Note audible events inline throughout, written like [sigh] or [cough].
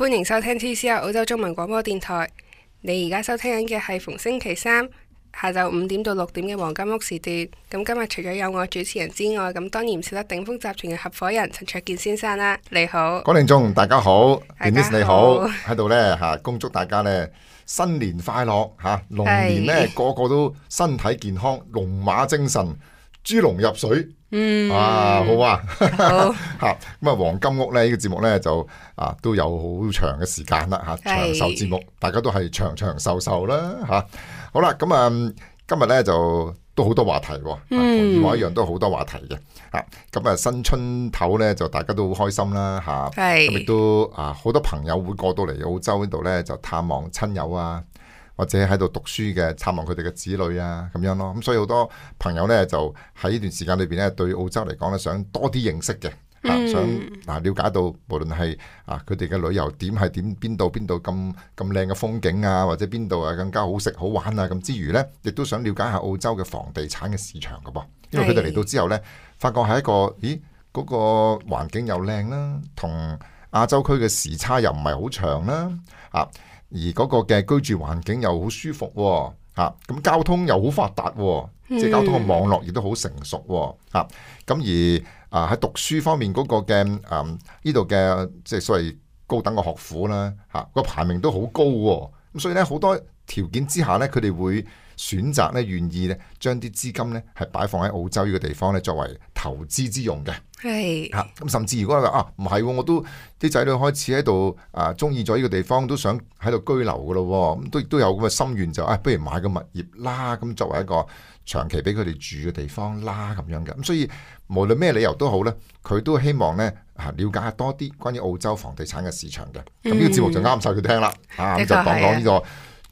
歡迎收聽 2CR 澳洲中文廣播電台。你而家收聽緊嘅係逢星期三下晝五點到六點嘅黃金屋時段。咁今日除咗有我主持人之外，咁當然唔少得鼎豐集團嘅合夥人陳焯楗先生啦。你好，郭令中，大家好，連先生你好，喺度呢，吓，恭祝大家呢新年快樂吓，龍、啊、年呢，個個都身體健康，龍馬精神，豬籠入水。嗯、啊，好啊，吓，咁 [laughs] 啊、嗯，黃金屋咧，這個、節呢個節目咧就啊，都有好長嘅時間啦，吓、啊，長壽節目，大家都係長長壽壽啦，吓、啊，好啦，咁、嗯、啊，今日咧就都好多話題、啊，同以往一樣都好多話題嘅，啊，咁、嗯、啊，新春頭咧就大家都好開心啦，吓，係，咁亦都啊，好、啊啊啊、多朋友會過到嚟澳洲呢度咧就探望親友啊。或者喺度讀書嘅，探望佢哋嘅子女啊，咁樣咯。咁所以好多朋友呢，就喺呢段時間裏邊呢，對澳洲嚟講呢，想多啲認識嘅、嗯，想了啊，瞭解到無論係啊，佢哋嘅旅遊點係點，邊度邊度咁咁靚嘅風景啊，或者邊度啊更加好食好玩啊，咁之餘呢，亦都想了解下澳洲嘅房地產嘅市場嘅、啊、噃。因為佢哋嚟到之後呢，發覺係一個，咦，嗰、嗰個環境又靚啦、啊，同亞洲區嘅時差又唔係好長啦、啊，啊。而嗰個嘅居住環境又好舒服喎、哦，咁交通又好發達喎、哦，即係交通嘅網絡亦都好成熟喎、哦，咁、嗯、而啊喺讀書方面，嗰個嘅誒呢度嘅即係所謂高等嘅學府啦，嚇、個排名都好高、哦，咁所以咧好多條件之下咧，佢哋會選擇咧願意咧將啲資金咧係擺放喺澳洲呢個地方咧作為，投資之用嘅，係嚇，咁甚至如果話啊唔係，我都啲仔女開始喺度啊中意咗呢個地方，都想喺度居留噶咯，咁、啊、都都有咁嘅心願就啊，不如買個物業啦，咁、啊、作為一個長期俾佢哋住嘅地方啦，咁樣嘅咁，所以無論咩理由都好咧，佢都希望咧啊，瞭解下多啲關於澳洲房地產嘅市場嘅，咁、嗯、呢個節目就啱晒佢聽啦、嗯，啊咁、啊啊、就講講呢個。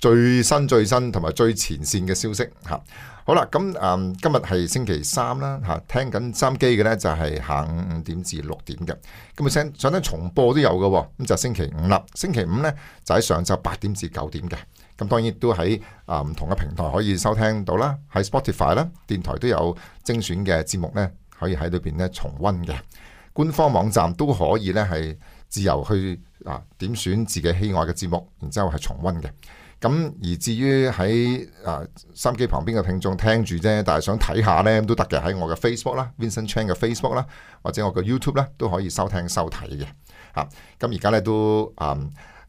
最新最新同埋最前線嘅消息嚇，好啦，咁啊、嗯、今日係星期三啦嚇、啊，聽緊收音機嘅呢就係、是、下午五點至六點嘅，咁啊想上聽重播都有嘅、哦，咁就星期五啦。星期五呢就喺上晝八點至九點嘅，咁當然都喺啊唔同嘅平台可以收聽到啦，喺 Spotify 啦，電台都有精選嘅節目呢可以喺裏邊呢重温嘅。官方網站都可以呢係自由去啊點選自己喜愛嘅節目，然之後係重温嘅。咁而至於喺啊，收音機旁邊嘅聽眾聽住啫，但係想睇下呢，都得嘅，喺我嘅 Facebook 啦，Vincent Chan 嘅 Facebook 啦，或者我嘅 YouTube 咧都可以收聽收睇嘅。嚇、啊，咁而家呢，都啊，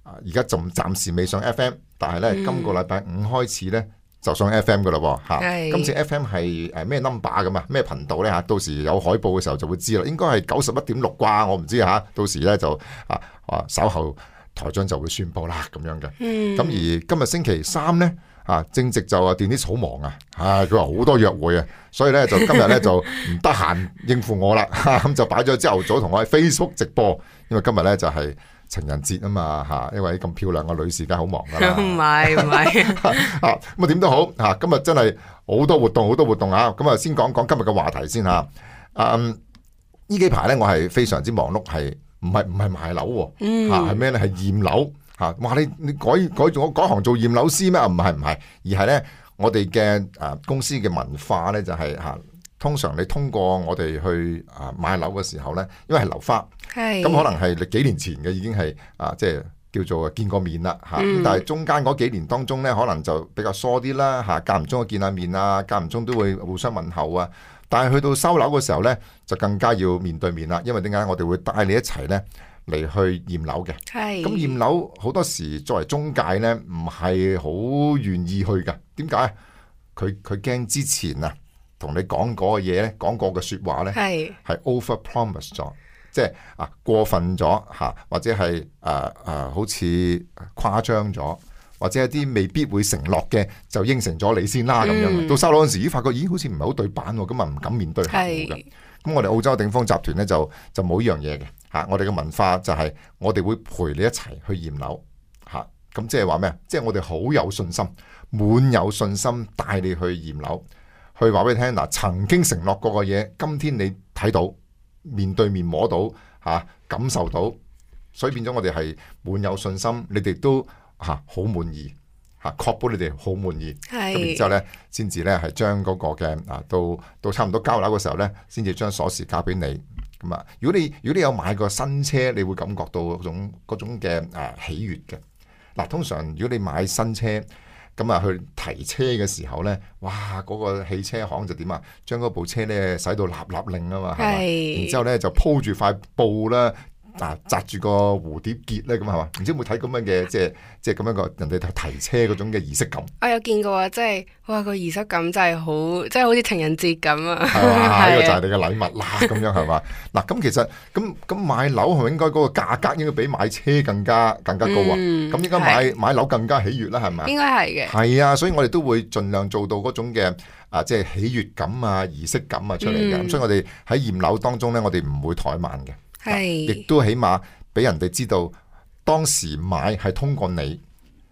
而家仲暫時未上 FM，但係呢、嗯，今個禮拜五開始呢，就上 FM 嘅嘞喎。今次 FM 係誒咩 number 嘅嘛？咩頻道呢？嚇、啊？到時有海報嘅時候就會知啦。應該係九十一點六掛，我唔知嚇、啊。到時呢，就啊啊守候。稍後台長就會宣布啦，咁樣嘅。咁、嗯、而今日星期三呢，啊正值就啊電啲好忙啊，啊佢話好多約會啊，所以呢，就今日呢， [laughs] 就唔得閒應付我啦，咁、啊、就擺咗朝頭早同我喺 Facebook 直播，因為今日呢，就係、是、情人節啊嘛，嚇、啊，因為咁漂亮嘅女士梗好忙噶啦，唔係唔係啊，咁啊點都好嚇，今日真係好多活動好多活動啊，咁啊先講講今日嘅話題先嚇，嗯、啊，呢幾排呢，我係非常之忙碌係。唔係唔係賣樓喎、啊，嚇係咩呢？係驗樓嚇，話你你改改改行做驗樓師咩？唔係唔係，而係呢，我哋嘅、啊、公司嘅文化呢，就係、嚇、通常你通過我哋去啊買樓嘅時候呢，因為係樓花，咁可能係你幾年前嘅已經係啊，即、就、係、是、叫做見過面啦、啊嗯、但係中間嗰幾年當中呢，可能就比較疏啲啦嚇，間、啊、唔中見下面啊，間唔中都會互相問候啊。但係去到收樓嘅時候呢，就更加要面對面啦，因為點解我哋會帶你一齊呢嚟去驗樓嘅？係。咁驗樓好多時作為中介呢，唔係好願意去㗎。點解？佢佢驚之前啊，同你講嗰個嘢呢，講過嘅説話呢，係係 over promise 咗，即係啊過分咗吓，或者係誒誒好似誇張咗，或者一啲未必會承諾嘅，就應承咗你先啦咁樣、嗯。到收樓嗰陣時，咦？發覺咦，好似唔係好對版喎。咁啊，唔敢面對客戶嘅。咁我哋澳洲鼎豐集團呢，就就冇一樣嘢嘅嚇。我哋嘅文化就係、是、我哋會陪你一齊去驗樓嚇。咁即係話咩？即係我哋好有信心，滿有信心帶你去驗樓。去話俾你聽嗱、呃，曾經承諾過嘅嘢，今天你睇到面對面摸到嚇、啊，感受到，所以變咗我哋係滿有信心。你哋都。吓、啊，好滿意吓，確、啊、保你哋好滿意，咁然之後咧，先至咧係將嗰個嘅啊，到到差唔多交樓嘅時候咧，先至將鎖匙交俾你。咁啊，如果你如果你有買過新車，你會感覺到嗰種嗰種嘅誒、啊、喜悅嘅。嗱、啊，通常如果你買新車，咁啊去提車嘅時候咧，哇，嗰、那個汽車行就點啊，將嗰部車咧使到立立令啊嘛，係，然之後咧就鋪住塊布啦。紮住個蝴蝶結咧，咁係嘛？唔知有冇睇咁樣嘅，即係即係咁樣個人哋提車嗰種嘅儀式感。我有見過啊，即係哇、嗰個儀式感真係好，即係好似情人節咁啊！係啊，呢 [laughs] 個就係你嘅禮物啦，咁 [laughs] 樣係嘛？嗱，咁其實咁咁買樓係咪應該嗰個價格應該比買車更加更加高啊？咁、嗯、應該買買樓更加喜悅啦，係咪？應該係嘅。係啊，所以我哋都會盡量做到嗰種嘅啊，即係喜悅感啊、儀式感啊出嚟嘅。咁、嗯、所以我哋喺驗樓當中咧，我哋唔會怠慢嘅。係，亦都起碼俾人哋知道當時買係通過你，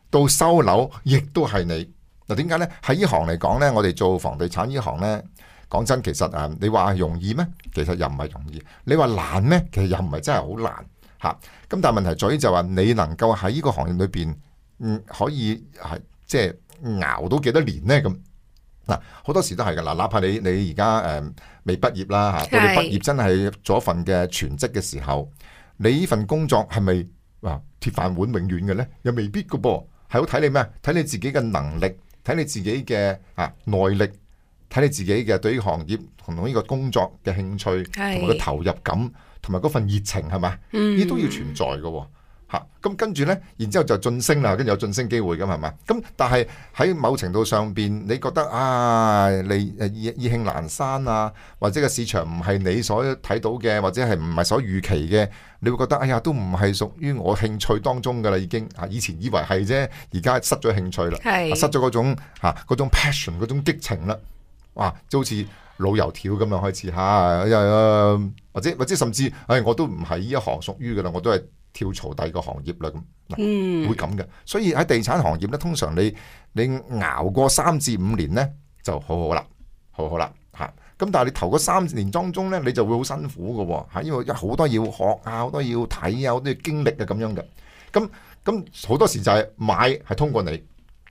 到收樓亦都係你。嗱，點解呢？喺呢行嚟講呢，我哋做房地產呢行呢，講真，其實啊，你話容易咩？其實又唔係容易。你話難咩？其實又唔係真係好難吓。咁但係問題在於就話、是、你能夠喺呢個行業裏邊、嗯，可以係即係熬到幾多年呢。咁。嗱，好多時都係㗎。嗱，哪怕你你而家誒未畢業啦嚇，到你畢業真係做一份嘅全職嘅時候，你呢份工作係咪啊鐵飯碗永遠嘅呢？又未必嘅噃，係好睇你咩？睇你自己嘅能力，睇你自己嘅嚇耐力，睇你自己嘅對依行業同呢依個工作嘅興趣同埋個投入感，同埋嗰份熱情係咪？呢都要存在嘅。咁跟住呢，然之後就晉升啦，跟住有晉升機會咁係嘛？咁但係喺某程度上邊，你覺得啊，你意意意興闌珊啊，或者個市場唔係你所睇到嘅，或者係唔係所預期嘅，你會覺得哎呀，都唔係屬於我興趣當中嘅啦，已經嚇。以前以為係啫，而家失咗興趣啦，失咗嗰種嚇嗰、啊、種 passion 嗰種激情啦，哇，就好似老油條咁樣開始嚇，又、啊啊啊、或者或者甚至誒、哎，我都唔係呢一行屬於嘅啦，我都係。跳槽第二個行業啦，咁嗱會咁嘅，所以喺地產行業咧，通常你你熬過三至五年咧就好好啦，好好啦吓。咁但係你頭嗰三年當中咧，你就會好辛苦嘅，吓因為好多要學啊，好多要睇啊，好多要經歷啊咁樣嘅。咁咁好多時就係買係通過你，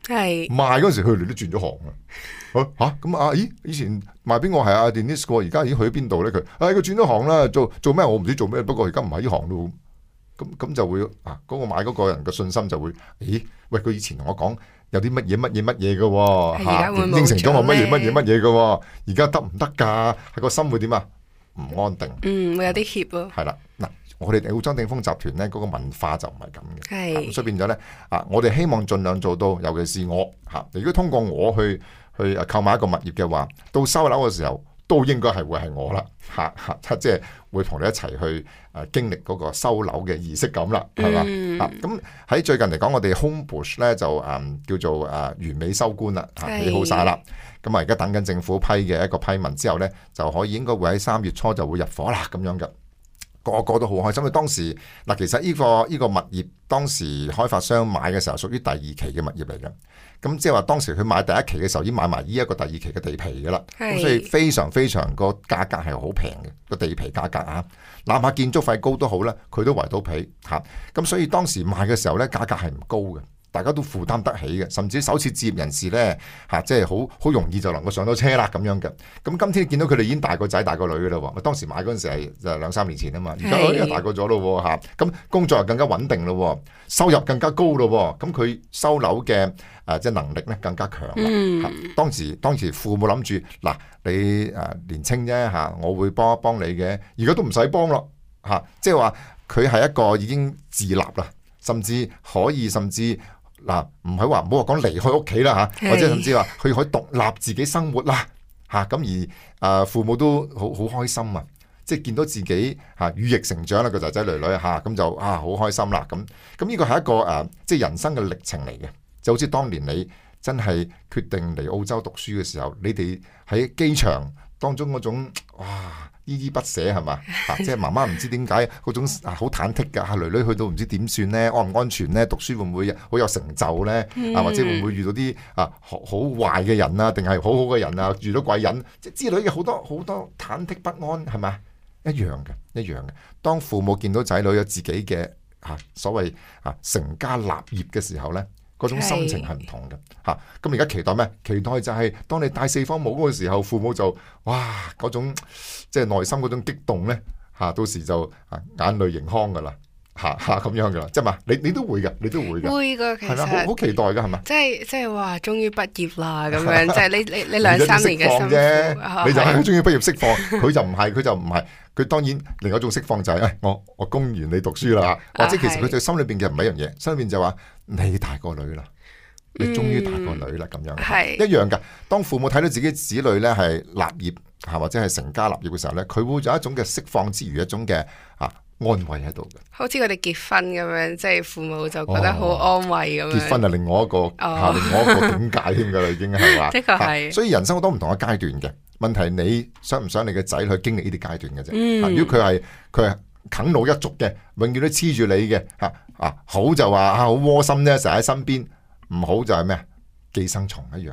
係賣嗰陣時，佢都轉咗行啊。吓咁啊，咦？以前賣邊個係啊 Denise 過，而家已經去邊度咧？佢，哎，佢轉咗行啦，做做咩？我唔知做咩，不過而家唔喺呢行都。咁咁就會嗱，嗰、那個買嗰個人嘅信心就會，咦？喂，佢以前同我講有啲乜嘢乜嘢乜嘢嘅，哈，應承咗我乜嘢乜嘢乜嘢嘅，而家得唔得噶？係個心會點啊？唔安定，嗯，會有啲怯咯。係啦，嗱，我哋澳洲鼎豐集團咧嗰個文化就唔係咁嘅，所以變咗咧啊，我哋希望儘量做到，尤其是我嚇、啊，如果通過我去去購買一個物業嘅話，到收樓嘅時候，都應該係會係我啦，吓吓即係會同你一齊去誒、啊、經歷嗰個收樓嘅儀式感啦，係嘛、mm. 啊？咁喺最近嚟講，我哋 Home Bush 咧就誒、嗯、叫做誒、啊、完美收官啦、啊，起好晒啦。咁啊而家等緊政府批嘅一個批文之後咧，就可以應該會喺三月初就會入伙啦，咁樣嘅。個個都好開心。佢當時嗱，其實呢個呢個物業當時開發商買嘅時候，屬於第二期嘅物業嚟嘅。咁即係話當時佢買第一期嘅時候，已經買埋呢一個第二期嘅地皮㗎啦。咁所以非常非常個價格係好平嘅個地皮價格啊。哪怕建築費高都好啦，佢都圍到皮嚇。咁所以當時賣嘅時候咧，價格係唔高嘅。大家都負擔得起嘅，甚至首次置業人士呢，嚇、啊，即係好好容易就能夠上到車啦咁樣嘅。咁今天見到佢哋已經大個仔大個女噶啦喎，當時買嗰陣時係兩三年前啊嘛，而家大個咗咯喎嚇，咁、啊、工作又更加穩定咯，收入更加高咯，咁、啊、佢收樓嘅誒、啊、即能力呢，更加強啦、嗯啊。當時當時父母諗住嗱你誒、啊、年青啫嚇，我會幫一幫你嘅，而家都唔使幫咯嚇、啊，即係話佢係一個已經自立啦，甚至可以甚至。嗱，唔係話唔好話講離開屋企啦嚇，或者甚至話佢可以獨立自己生活啦嚇，咁而誒父母都好好開心啊，即係見到自己嚇羽翼成長啦，個仔仔女女嚇，咁就啊好開心啦咁，咁呢個係一個誒即係人生嘅歷程嚟嘅，就好似當年你真係決定嚟澳洲讀書嘅時候，你哋喺機場當中嗰種哇～依依不捨係嘛？啊，即係媽媽唔知點解嗰種啊好忐忑㗎，啊囡囡去到唔知點算呢？安唔安全呢？讀書會唔會好有成就呢？啊或者會唔會遇到啲啊學好壞嘅人啊，定係好好嘅人啊？遇到怪人即之類嘅好多好多忐忑不安係嘛？一樣嘅，一樣嘅。當父母見到仔女有自己嘅啊所謂啊成家立業嘅時候呢。嗰種心情係唔同嘅，吓，咁而家期待咩？期待就係當你帶四方帽嗰個時候，父母就哇嗰種即係內心嗰種激動咧，吓、啊、到時就吓眼淚盈眶噶啦，吓吓咁樣噶啦，即係嘛？你你都會噶，你都會噶，你都會噶，其實好期待噶，係嘛？即係即係哇，終於畢業啦咁樣，即 [laughs] 係你你你兩 [laughs] 三年嘅辛苦， [laughs] 你就係好中意畢業釋放。佢 [laughs] 就唔係，佢就唔係，佢當然另外一種釋放就係、是哎、我我供完你讀書啦、啊啊，或者其實佢就心裏邊嘅唔係一樣嘢，心裏邊就話。你大個女啦，你終於大個女啦，咁、嗯、樣係一樣噶。當父母睇到自己子女咧係立業吓或者係成家立業嘅時候咧，佢會有一種嘅釋放之餘，一種嘅吓安慰喺度嘅。好似佢哋結婚咁樣，即係父母就覺得好安慰咁樣，哦。結婚係另外一個、哦、另外一個境界添噶啦，已經係嘛？的確係。所以人生好多唔同嘅階段嘅問題是你，你想唔想你嘅仔去經歷呢啲階段嘅啫？如果佢係佢係。啃老一族嘅，永遠都黐住你嘅，吓啊好就話啊好窩心咧，成日喺身邊，唔好就係咩寄生蟲一樣，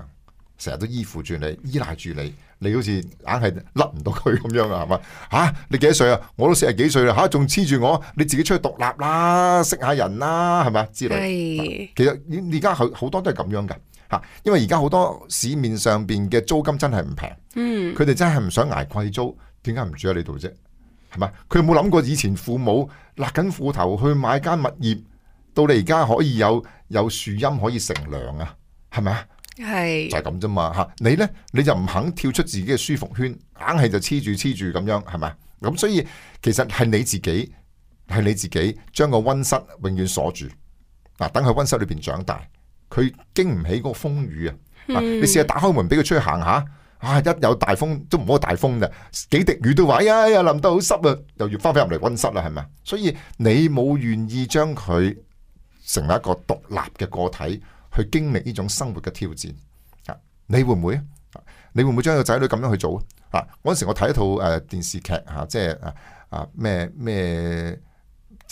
成日都依附住你，依賴住你，你好似硬係甩唔到佢咁樣啊，係嘛？吓你幾歲啊？我都四十幾歲啦，吓仲黐住我？你自己出去獨立啦，識下人啦，係嘛之類。其實而家好好多都係咁樣嘅，吓、啊，因為而家好多市面上邊嘅租金真係唔平，嗯，佢哋真係唔想捱貴租，點解唔住喺你度啫？係嘛？佢有冇諗過以前父母勒緊褲頭去買間物業，到你而家可以有有樹蔭可以乘涼啊？係咪啊？係就係咁啫嘛吓！你呢，你就唔肯跳出自己嘅舒服圈，硬係就黐住黐住咁樣，係咪？咁所以其實係你自己，係你自己將個溫室永遠鎖住嗱，等佢溫室裏邊長大，佢經唔起嗰個風雨啊、嗯！你試下打開門俾佢出去行下。啊！一有大風都唔好大風嘅，幾滴雨都話：哎呀，淋得好濕啊！又要翻返入嚟温室啦，係咪？所以你冇願意將佢成為一個獨立嘅個體去經歷呢種生活嘅挑戰？你會唔會啊？你會唔會將個仔女咁樣去做啊？嗰陣時我睇一套誒電視劇吓，即係啊啊咩咩。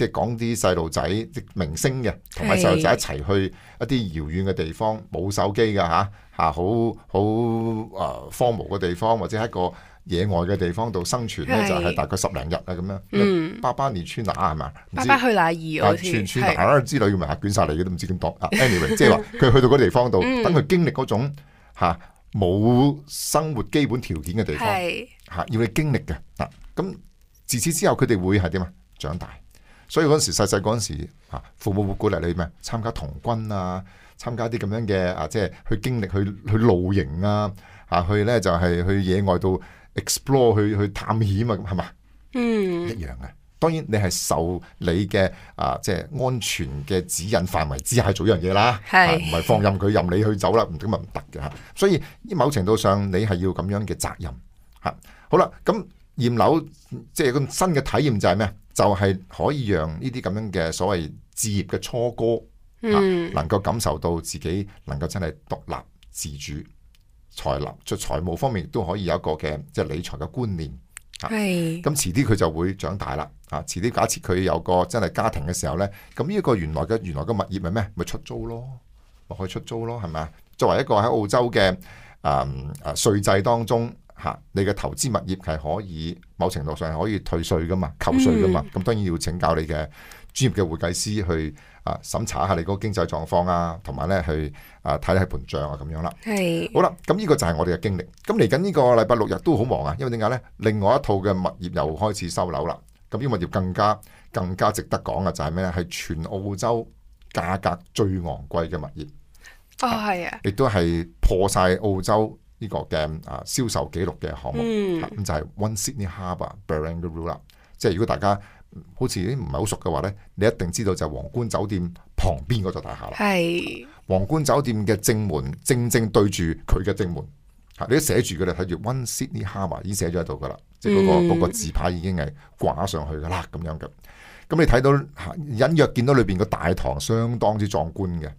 即係講啲細路仔，即明星嘅，同埋細路仔一齊去一啲遙遠嘅地方，冇手機噶吓吓，好好誒荒蕪嘅地方，或者喺個野外嘅地方度生存咧，就係、是、大概十零日啊咁樣。爸爸尼川那係嘛？爸爸去哪兒？我、啊、穿穿哪之類嘅名、anyway, [laughs] 嗯、啊，捲晒嚟嘅都唔知點度。Anyway，即係話佢去到嗰地方度，等佢經歷嗰種吓冇生活基本條件嘅地方，吓、啊、要佢經歷嘅嗱。咁、啊、自此之後，佢哋會係點啊？長大。所以嗰時細細嗰時母母啊，啊，父母會鼓勵你咩？參加童軍啊，參加啲咁樣嘅啊，即係去經歷、去去露營啊，啊，去咧就係、是、去野外度 explore 去去探險啊，咁係嘛？嗯，一樣嘅。當然你係受你嘅啊，即、就、係、是、安全嘅指引範圍之下做一樣嘢啦，係唔係放任佢任你去走啦？唔咁咪唔得嘅吓。所以喺某程度上，你係要咁樣嘅責任吓、啊。好啦，咁驗樓即係個新嘅體驗就係咩？就係、是、可以讓呢啲咁樣嘅所謂置業嘅初哥、嗯、能夠感受到自己能夠真係獨立自主、財立在財務方面都可以有一個嘅即係理財嘅觀念。係。咁、啊、遲啲佢就會長大啦。啊，遲啲假設佢有個真係家庭嘅時候呢。咁呢一個原來嘅原來嘅物業係咩？咪出租咯，咪可以出租咯，係咪啊？作為一個喺澳洲嘅誒稅制當中。吓，你嘅投資物業係可以某程度上係可以退稅噶嘛，扣稅噶嘛，咁、嗯、當然要請教你嘅專業嘅會計師去啊審查下你嗰個經濟狀況啊，同埋咧去盤帳啊，睇下盤賬啊咁樣啦。係好啦，咁呢個就係我哋嘅經歷。咁嚟緊呢個禮拜六日都好忙啊，因為點解呢？另外一套嘅物業又開始收樓啦。咁呢物業更加更加值得講嘅就係咩呢？係全澳洲價格最昂貴嘅物業。哦，係啊，亦、啊、都係破晒澳洲。呢、這個嘅啊銷售記錄嘅項目，咁、嗯、就係 One Sydney Harbour Barangaroo 啦。即係如果大家好似唔係好熟嘅話咧，你一定知道就係皇冠酒店旁邊嗰座大廈啦。係皇冠酒店嘅正，正，正，正門，正正對住佢嘅正門。嚇，你都寫住佢就睇住 One Sydney Harbour 已經寫咗喺度噶啦，即係嗰個個字牌已經係掛上去噶啦咁樣嘅。咁你睇到隱約見到裏邊個大堂相當之壯觀嘅。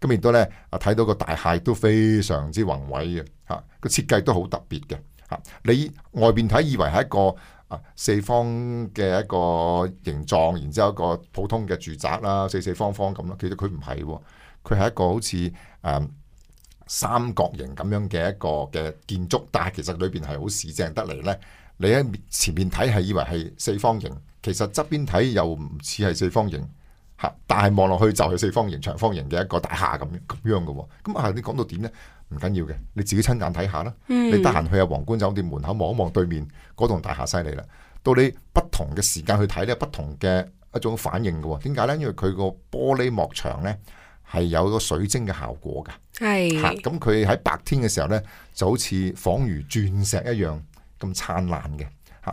咁、嗯、亦都咧，睇到個大廈都非常之宏偉嘅嚇，個、啊、設計都好特別嘅嚇、啊。你外邊睇以為係一個啊四方嘅一個形狀，然之後一個普通嘅住宅啦，四四方方咁啦。其實佢唔係喎，佢係一個好似誒、啊、三角形咁樣嘅一個嘅建築，但係其實裏邊係好市正得嚟咧。你喺前面睇係以為係四方形，其實側邊睇又唔似係四方形。吓，但係望落去就係四方形，長方形嘅一個大廈咁樣咁樣嘅、啊，咁啊你講到點呢？唔緊要嘅，你自己親眼睇下啦。你得閒去下皇冠酒店門口望一望對面嗰棟大廈，犀利啦。到你不同嘅時間去睇呢，不同嘅一種反應嘅、啊。點解呢？因為佢個玻璃幕牆呢係有個水晶嘅效果噶。係。咁佢喺白天嘅時候呢，就好似仿如鑽石一樣咁燦爛嘅。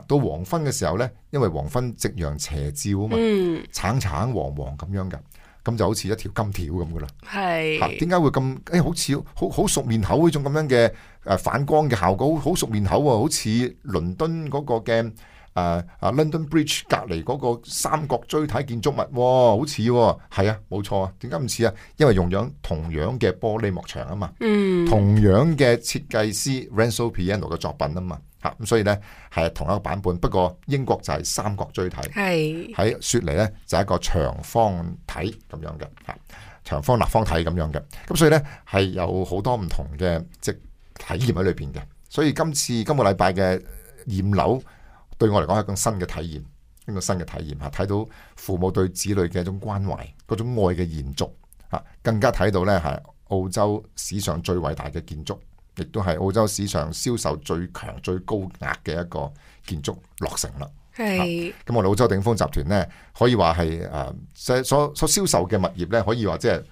到黃昏嘅時候呢，因為黃昏夕陽斜照啊嘛，嗯、橙橙黃黃咁樣噶，咁就好似一條金條咁噶啦。係，點、啊、解會咁？誒、欸，好似好好熟面口嗰種咁樣嘅誒反光嘅效果，好熟面口喎、啊，好似倫敦嗰個嘅誒啊 London Bridge 隔離嗰個三角錐體建築物喎，好似喎。係啊，冇、啊、錯啊。點解唔似啊？因為用樣同樣嘅玻璃幕牆啊嘛，嗯，同樣嘅設計師 Renzo Piano 嘅作品啊嘛。啊，咁所以咧係同一個版本，不過英國就係三角錐體，喺雪梨咧就係一個長方體咁樣嘅，長方立方體咁樣嘅，咁所以咧係有好多唔同嘅即係體驗喺裏邊嘅。所以今次今個禮拜嘅驗樓對我嚟講係一個新嘅體驗，一個新嘅體驗啊！睇到父母對子女嘅一種關懷，嗰種愛嘅延續啊，更加睇到咧係澳洲史上最偉大嘅建築。亦都係澳洲市場銷售最強、最高額嘅一個建築落成啦。係咁，啊、我哋澳洲頂峰集團咧，可以話係誒，即所所銷售嘅物業咧，可以話即係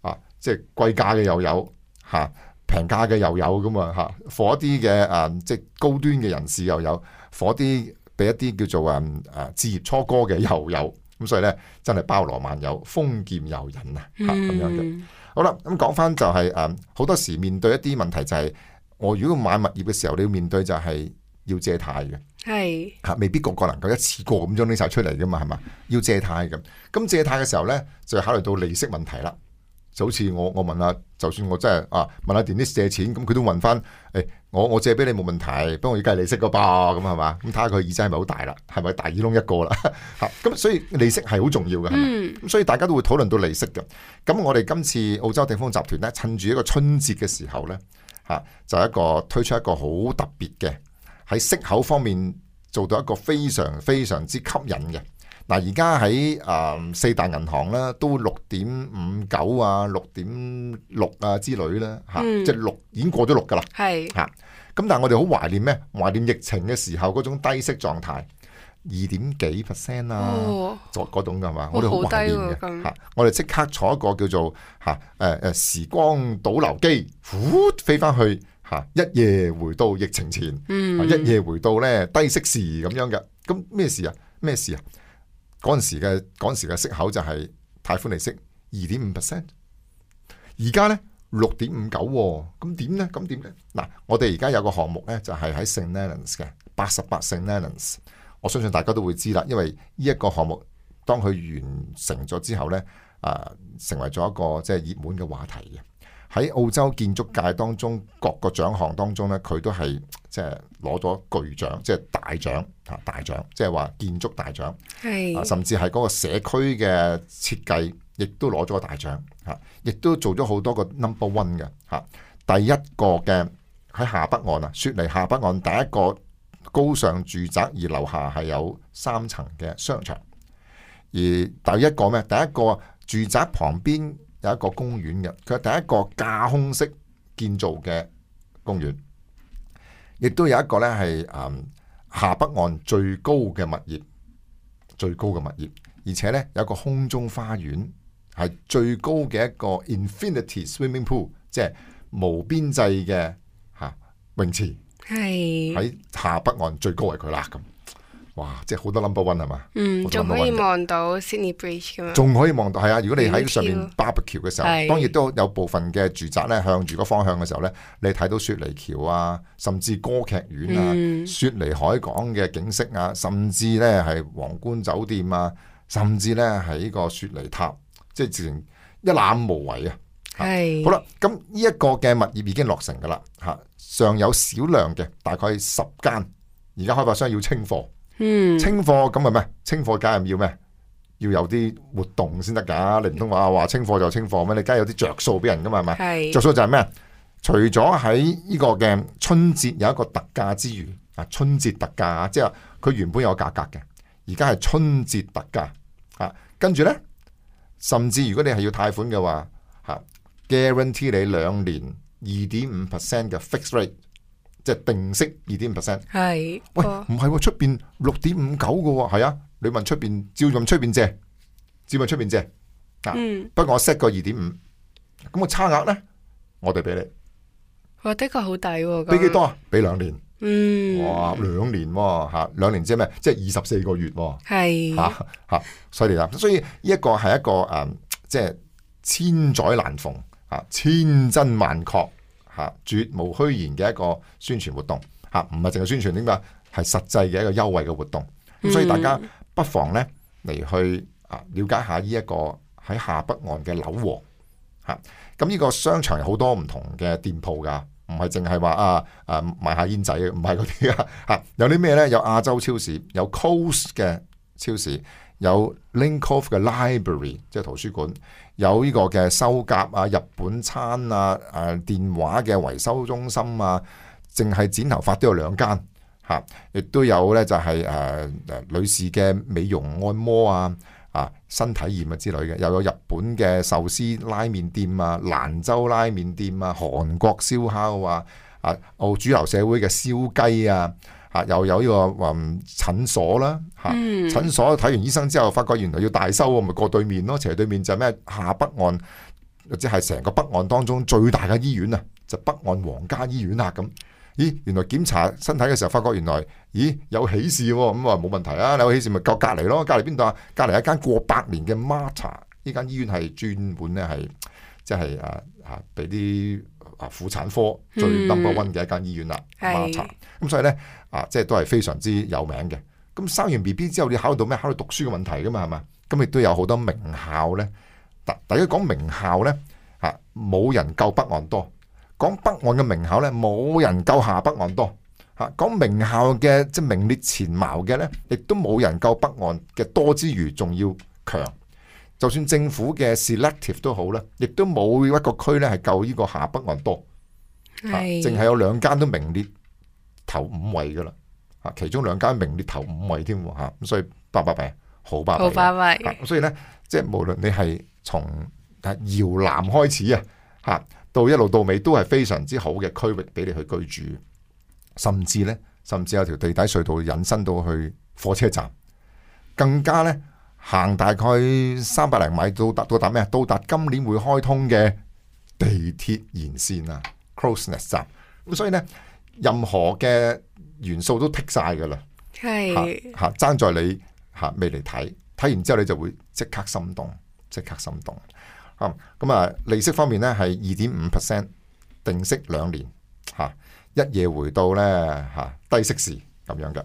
啊，即係貴價嘅又有吓、啊，平價嘅又有咁啊吓，火啲嘅誒，即、啊、係、就是、高端嘅人士又有，火啲俾一啲叫做誒誒置業初哥嘅又有，咁、啊、所以咧真係包羅萬有，豐儉由人啊，吓咁樣嘅。嗯好啦，咁講翻就係、是、誒，好多時面對一啲問題就係、是，我如果買物業嘅時候，你要面對就係要借貸嘅，係嚇，未必個個能夠一次過咁將拎晒出嚟嘅嘛，係嘛，要借貸嘅。咁借貸嘅時候咧，就考慮到利息問題啦，就好似我我問啊。就算我真係啊問下電池借錢，咁佢都問翻，誒、欸、我我借俾你冇問題，不過要計利息個噃，咁係嘛？咁睇下佢耳仔係咪好大啦？係咪大耳窿一個啦？嚇 [laughs] 咁所以利息係好重要嘅，係咪、嗯、所以大家都會討論到利息嘅。咁我哋今次澳洲鼎豐集團咧，趁住一個春節嘅時候咧，嚇、啊、就一個推出一個好特別嘅喺息口方面做到一個非常非常之吸引嘅。嗱，而家喺誒四大銀行咧，都六點五九啊，六點六啊之類咧嚇、嗯，即係六已經過咗六噶啦嚇。咁但係我哋好懷念咩？懷念疫情嘅時候嗰種低息狀態，二點幾 percent 啊，就、哦、嗰種嘅嘛、哦。我哋好懷念嘅嚇、哦。我哋即刻坐一個叫做嚇誒誒時光倒流機，呼，呼飛翻去嚇、啊、一夜回到疫情前，嗯、一夜回到咧低息時咁樣嘅。咁咩事啊？咩事啊？嗰陣時嘅，嗰陣時嘅息口就係貸款利息二點五 percent，而家呢六點五九喎，咁點呢？咁點、哦、呢？嗱，我哋而家有個項目呢，就係喺聖奈倫嘅八十八聖奈倫，我相信大家都會知啦，因為呢一個項目當佢完成咗之後呢，呃、成為咗一個即係熱門嘅話題嘅。喺澳洲建築界當中，各個獎項當中呢，佢都係即係攞咗巨獎，即係大獎啊！大獎，即係話建築大獎，甚至係嗰個社區嘅設計，亦都攞咗個大獎嚇，亦都做咗好多個 number one 嘅嚇。第一個嘅喺下北岸啊，雪梨下北岸第一個高尚住宅，而樓下係有三層嘅商場，而第一個咩？第一個住宅旁邊，有一個公園嘅，佢係第一個架空式建造嘅公園，亦都有一個咧係誒下北岸最高嘅物業，最高嘅物業，而且咧有一個空中花園係最高嘅一個 Infinity Swimming Pool，即係無邊際嘅吓泳池，係喺下北岸最高係佢啦，咁。哇！即係好多 number one 係嘛？嗯，仲、no. 可以望到 Sydney Bridge 咁樣。仲可以望到係啊！如果你喺上邊巴布橋嘅時候，當然都有部分嘅住宅咧向住個方向嘅時候咧，你睇到雪梨橋啊，甚至歌劇院啊、嗯、雪梨海港嘅景色啊，甚至咧係皇冠酒店啊，甚至咧喺個雪梨塔，即係自然一覽無遺啊！係。好啦，咁呢一個嘅物業已經落成㗎啦，嚇尚有少量嘅，大概十間，而家開發商要清貨。嗯，清貨咁係咩？清貨梗係要咩？要有啲活動先得噶。你唔通話話清貨就清貨咩？你梗係有啲着數俾人噶嘛？係咪？着數就係咩？除咗喺呢個嘅春節有一個特價之馀，啊，春節特價即係佢原本有價格嘅，而家係春節特價。吓、啊，跟住咧，甚至如果你係要貸款嘅話，吓、啊、，guarantee 你兩年二點五 percent 嘅 fixed rate。即係定息二點五 percent，係喂，唔係出邊六點五九嘅，係啊？你問出邊照用出邊借，照問出邊借、嗯、啊？不過我 set 個二點五，咁個差額咧，我哋俾你。哇，嗰個、的確好抵，俾幾多啊？俾兩年，嗯，哇，兩年吓、啊，兩、啊、年即係咩？即係二十四個月、啊，係吓吓犀利啦！所以呢一個係一個誒，即、嗯、係、就係、千載難逢啊，千真萬確。啊！絕無虛言嘅一個宣傳活動，嚇唔係淨係宣傳啲㗎，係實際嘅一個優惠嘅活動，所以大家不妨呢嚟去啊了解一下呢一個喺下北岸嘅樓王嚇。咁呢個商場有好多唔同嘅店鋪㗎，唔係淨係話啊啊賣下煙仔嘅，唔係嗰啲啊嚇。有啲咩呢？有亞洲超市，有 Coast 嘅超市。有 Linkoff 嘅 library 即係圖書館，有呢個嘅修甲啊、日本餐啊、誒、啊、電話嘅維修中心啊，淨係剪頭髮都有兩間嚇，亦、啊、都有呢，就係、是、誒、呃呃、女士嘅美容按摩啊啊身體驗啊之類嘅，又有日本嘅壽司拉麵店啊、蘭州拉麵店啊、韓國燒烤啊、啊澳主流社會嘅燒雞啊。啊，又有呢個診嗯診所啦，吓診所睇完醫生之後，發覺原來要大修，我咪過對面咯，斜對面就咩下北岸，即係成個北岸當中最大嘅醫院啊，就北岸皇家醫院啊咁。咦，原來檢查身體嘅時候，發覺原來咦有喜事喎，咁啊冇問題啊，有喜事咪過隔籬咯，隔籬邊度啊？隔籬一間過百年嘅 Mater，呢間醫院係專門咧係即係啊吓，俾啲啊婦產科最 number one 嘅一間醫院啦 Mater。咁所以咧。啊，即係都係非常之有名嘅。咁生完 B B 之後，你考慮到咩？考慮讀書嘅問題噶嘛，係嘛？咁、嗯、亦都有好多名校呢。大大家講名校呢，吓、啊、冇人夠北岸多。講北岸嘅名校呢，冇人夠下北岸多。吓、啊、講名校嘅即係名列前茅嘅呢，亦都冇人夠北岸嘅多之餘，仲要強。就算政府嘅 selective 都好啦，亦都冇一個區呢係夠呢個下北岸多。係、啊，淨係有兩間都名列。頭五位噶啦，啊，其中兩間名列頭五位添喎，吓、啊、咁所以八百位，好八位，咁 [music] [music] 所以咧，即係無論你係從啊搖籃開始啊，吓、啊、到一路到尾都係非常之好嘅區域俾你去居住，甚至咧，甚至有條地底隧道引申到去火車站，更加咧行大概三百零米到達到達咩啊？到達今年會開通嘅地鐵沿線啊，Crows Nest 站，咁所以咧。任何嘅元素都剔晒噶啦，係吓爭在你吓、啊、未嚟睇，睇完之後你就會即刻心動，即刻心動。咁咁啊，利息方面咧係二點五 percent 定息兩年，吓、啊、一夜回到咧吓、啊、低息時咁樣嘅。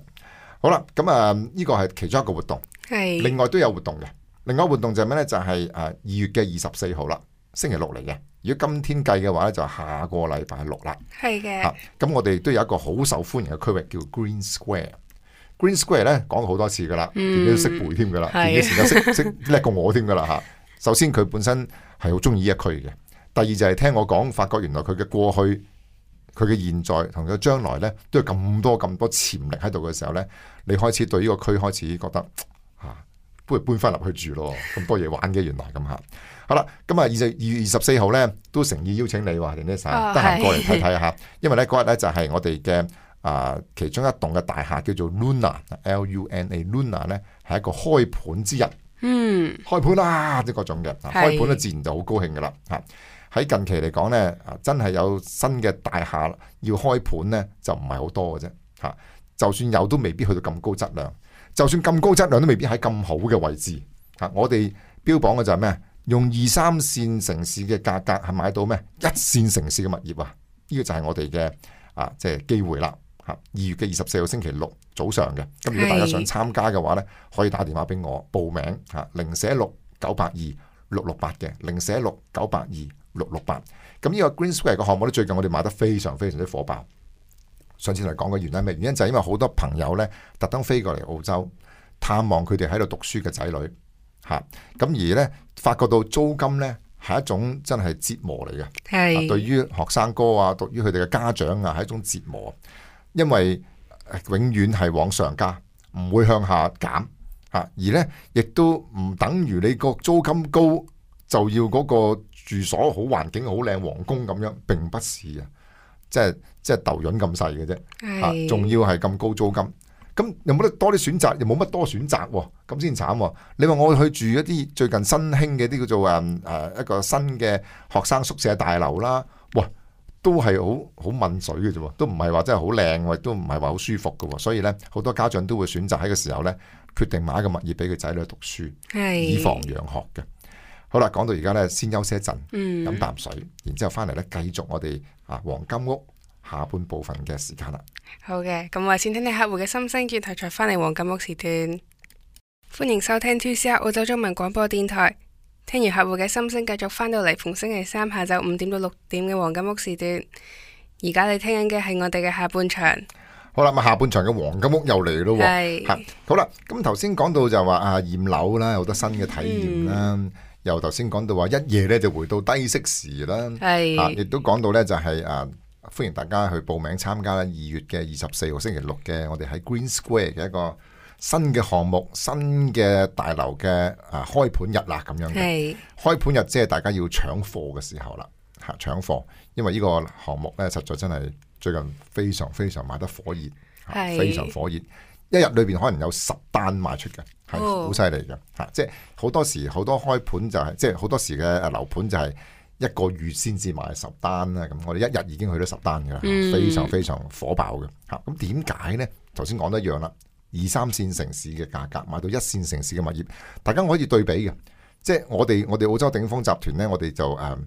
好啦，咁啊呢個係其中一個活動，係另外都有活動嘅。另外活動就係咩咧？就係誒二月嘅二十四號啦，星期六嚟嘅。如果今天計嘅話咧，就是、下個禮拜六啦。係嘅。咁、啊、我哋都有一個好受歡迎嘅區域叫 Green Square。Green Square 咧講過好多次噶啦，自、嗯、己都識背添噶啦，自己成日識叻過我添噶啦吓。首先佢本身係好中意呢一個區嘅。第二就係聽我講，發覺原來佢嘅過去、佢嘅現在同佢將來咧，都有咁多咁多潛力喺度嘅時候咧，你開始對呢個區開始覺得。都搬翻入去住咯，咁多嘢玩嘅原來咁吓。好啦，咁啊二十二月二十四號咧，都誠意邀請你話，陳先生得閒過嚟睇睇啊吓。因為咧嗰日咧就係、是、我哋嘅啊其中一棟嘅大廈叫做 Luna L U N A Luna 咧係一個開盤之日。嗯，開盤啦、啊，即係各種嘅，開盤咧自然就好高興噶啦吓。喺近期嚟講咧，真係有新嘅大廈要開盤咧，就唔係好多嘅啫吓，就算有都未必去到咁高質量。就算咁高質量都未必喺咁好嘅位置嚇、啊，我哋標榜嘅就係咩？用二三線城市嘅價格係買到咩一線城市嘅物業啊！呢、這個就係我哋嘅啊，即、就、係、是、機會啦嚇。二、啊、月嘅二十四號星期六早上嘅，咁如果大家想參加嘅話呢，可以打電話俾我報名嚇，零四六九八二六六八嘅，零四六九八二六六八。咁呢個 Green Square 個項目呢，最近我哋賣得非常非常之火爆。上次嚟講嘅原因係咩？原因就係、是、因為好多朋友呢，特登飛過嚟澳洲探望佢哋喺度讀書嘅仔女，嚇、啊、咁而呢，發覺到租金呢係一種真係折磨嚟嘅、啊，對於學生哥啊，對於佢哋嘅家長啊係一種折磨，因為永遠係往上加，唔會向下減嚇、啊。而呢，亦都唔等於你個租金高就要嗰個住所好，環境好靚皇宮咁樣，並不是啊。即係即係豆潤咁細嘅啫，吓、啊，仲要係咁高租金，咁又冇得多啲選擇，又冇乜多選擇，咁先慘。你話我去住一啲最近新興嘅啲叫做誒誒、啊、一個新嘅學生宿舍大樓啦，哇，都係好好搵水嘅啫，都唔係話真係好靚，亦都唔係話好舒服嘅，所以咧好多家長都會選擇喺個時候咧決定買一個物業俾佢仔女讀書，以防養學嘅。好啦，講到而家咧，先休息一陣，飲、嗯、啖水，然之後翻嚟咧，繼續我哋啊黃金屋下半部分嘅時間啦。好嘅，咁我哋先聽聽客戶嘅心聲，轉頭再翻嚟黃金屋時段。歡迎收聽 2CR 澳洲中文廣播電台，聽完客戶嘅心聲，繼續翻到嚟逢星期三下晝五點到六點嘅黃金屋時段。而家你聽緊嘅係我哋嘅下半場。好啦，咁下半場嘅黃金屋又嚟咯，係、哎。好啦，咁頭先講到就話啊驗樓啦，有好多新嘅體驗啦。嗯由頭先講到話一夜咧就回到低息時啦，啊，亦都講到咧就係、是、啊，歡迎大家去報名參加啦，二月嘅二十四號星期六嘅，我哋喺 Green Square 嘅一個新嘅項目、新嘅大樓嘅啊開盤日啦咁樣嘅，開盤日即係大家要搶貨嘅時候啦，嚇、啊、搶貨，因為呢個項目咧實在真係最近非常非常賣得火熱，啊、非常火熱。一日裏邊可能有十單賣出嘅，係好犀利嘅吓，即係好多時好多開盤就係、是，即係好多時嘅樓盤就係一個月先至賣十單啦。咁我哋一日已經去到十單噶啦，非常非常火爆嘅吓。咁點解呢？頭先講得一樣啦，二三線城市嘅價格買到一線城市嘅物業，大家可以對比嘅。即係我哋我哋澳洲鼎豐集團呢，我哋就誒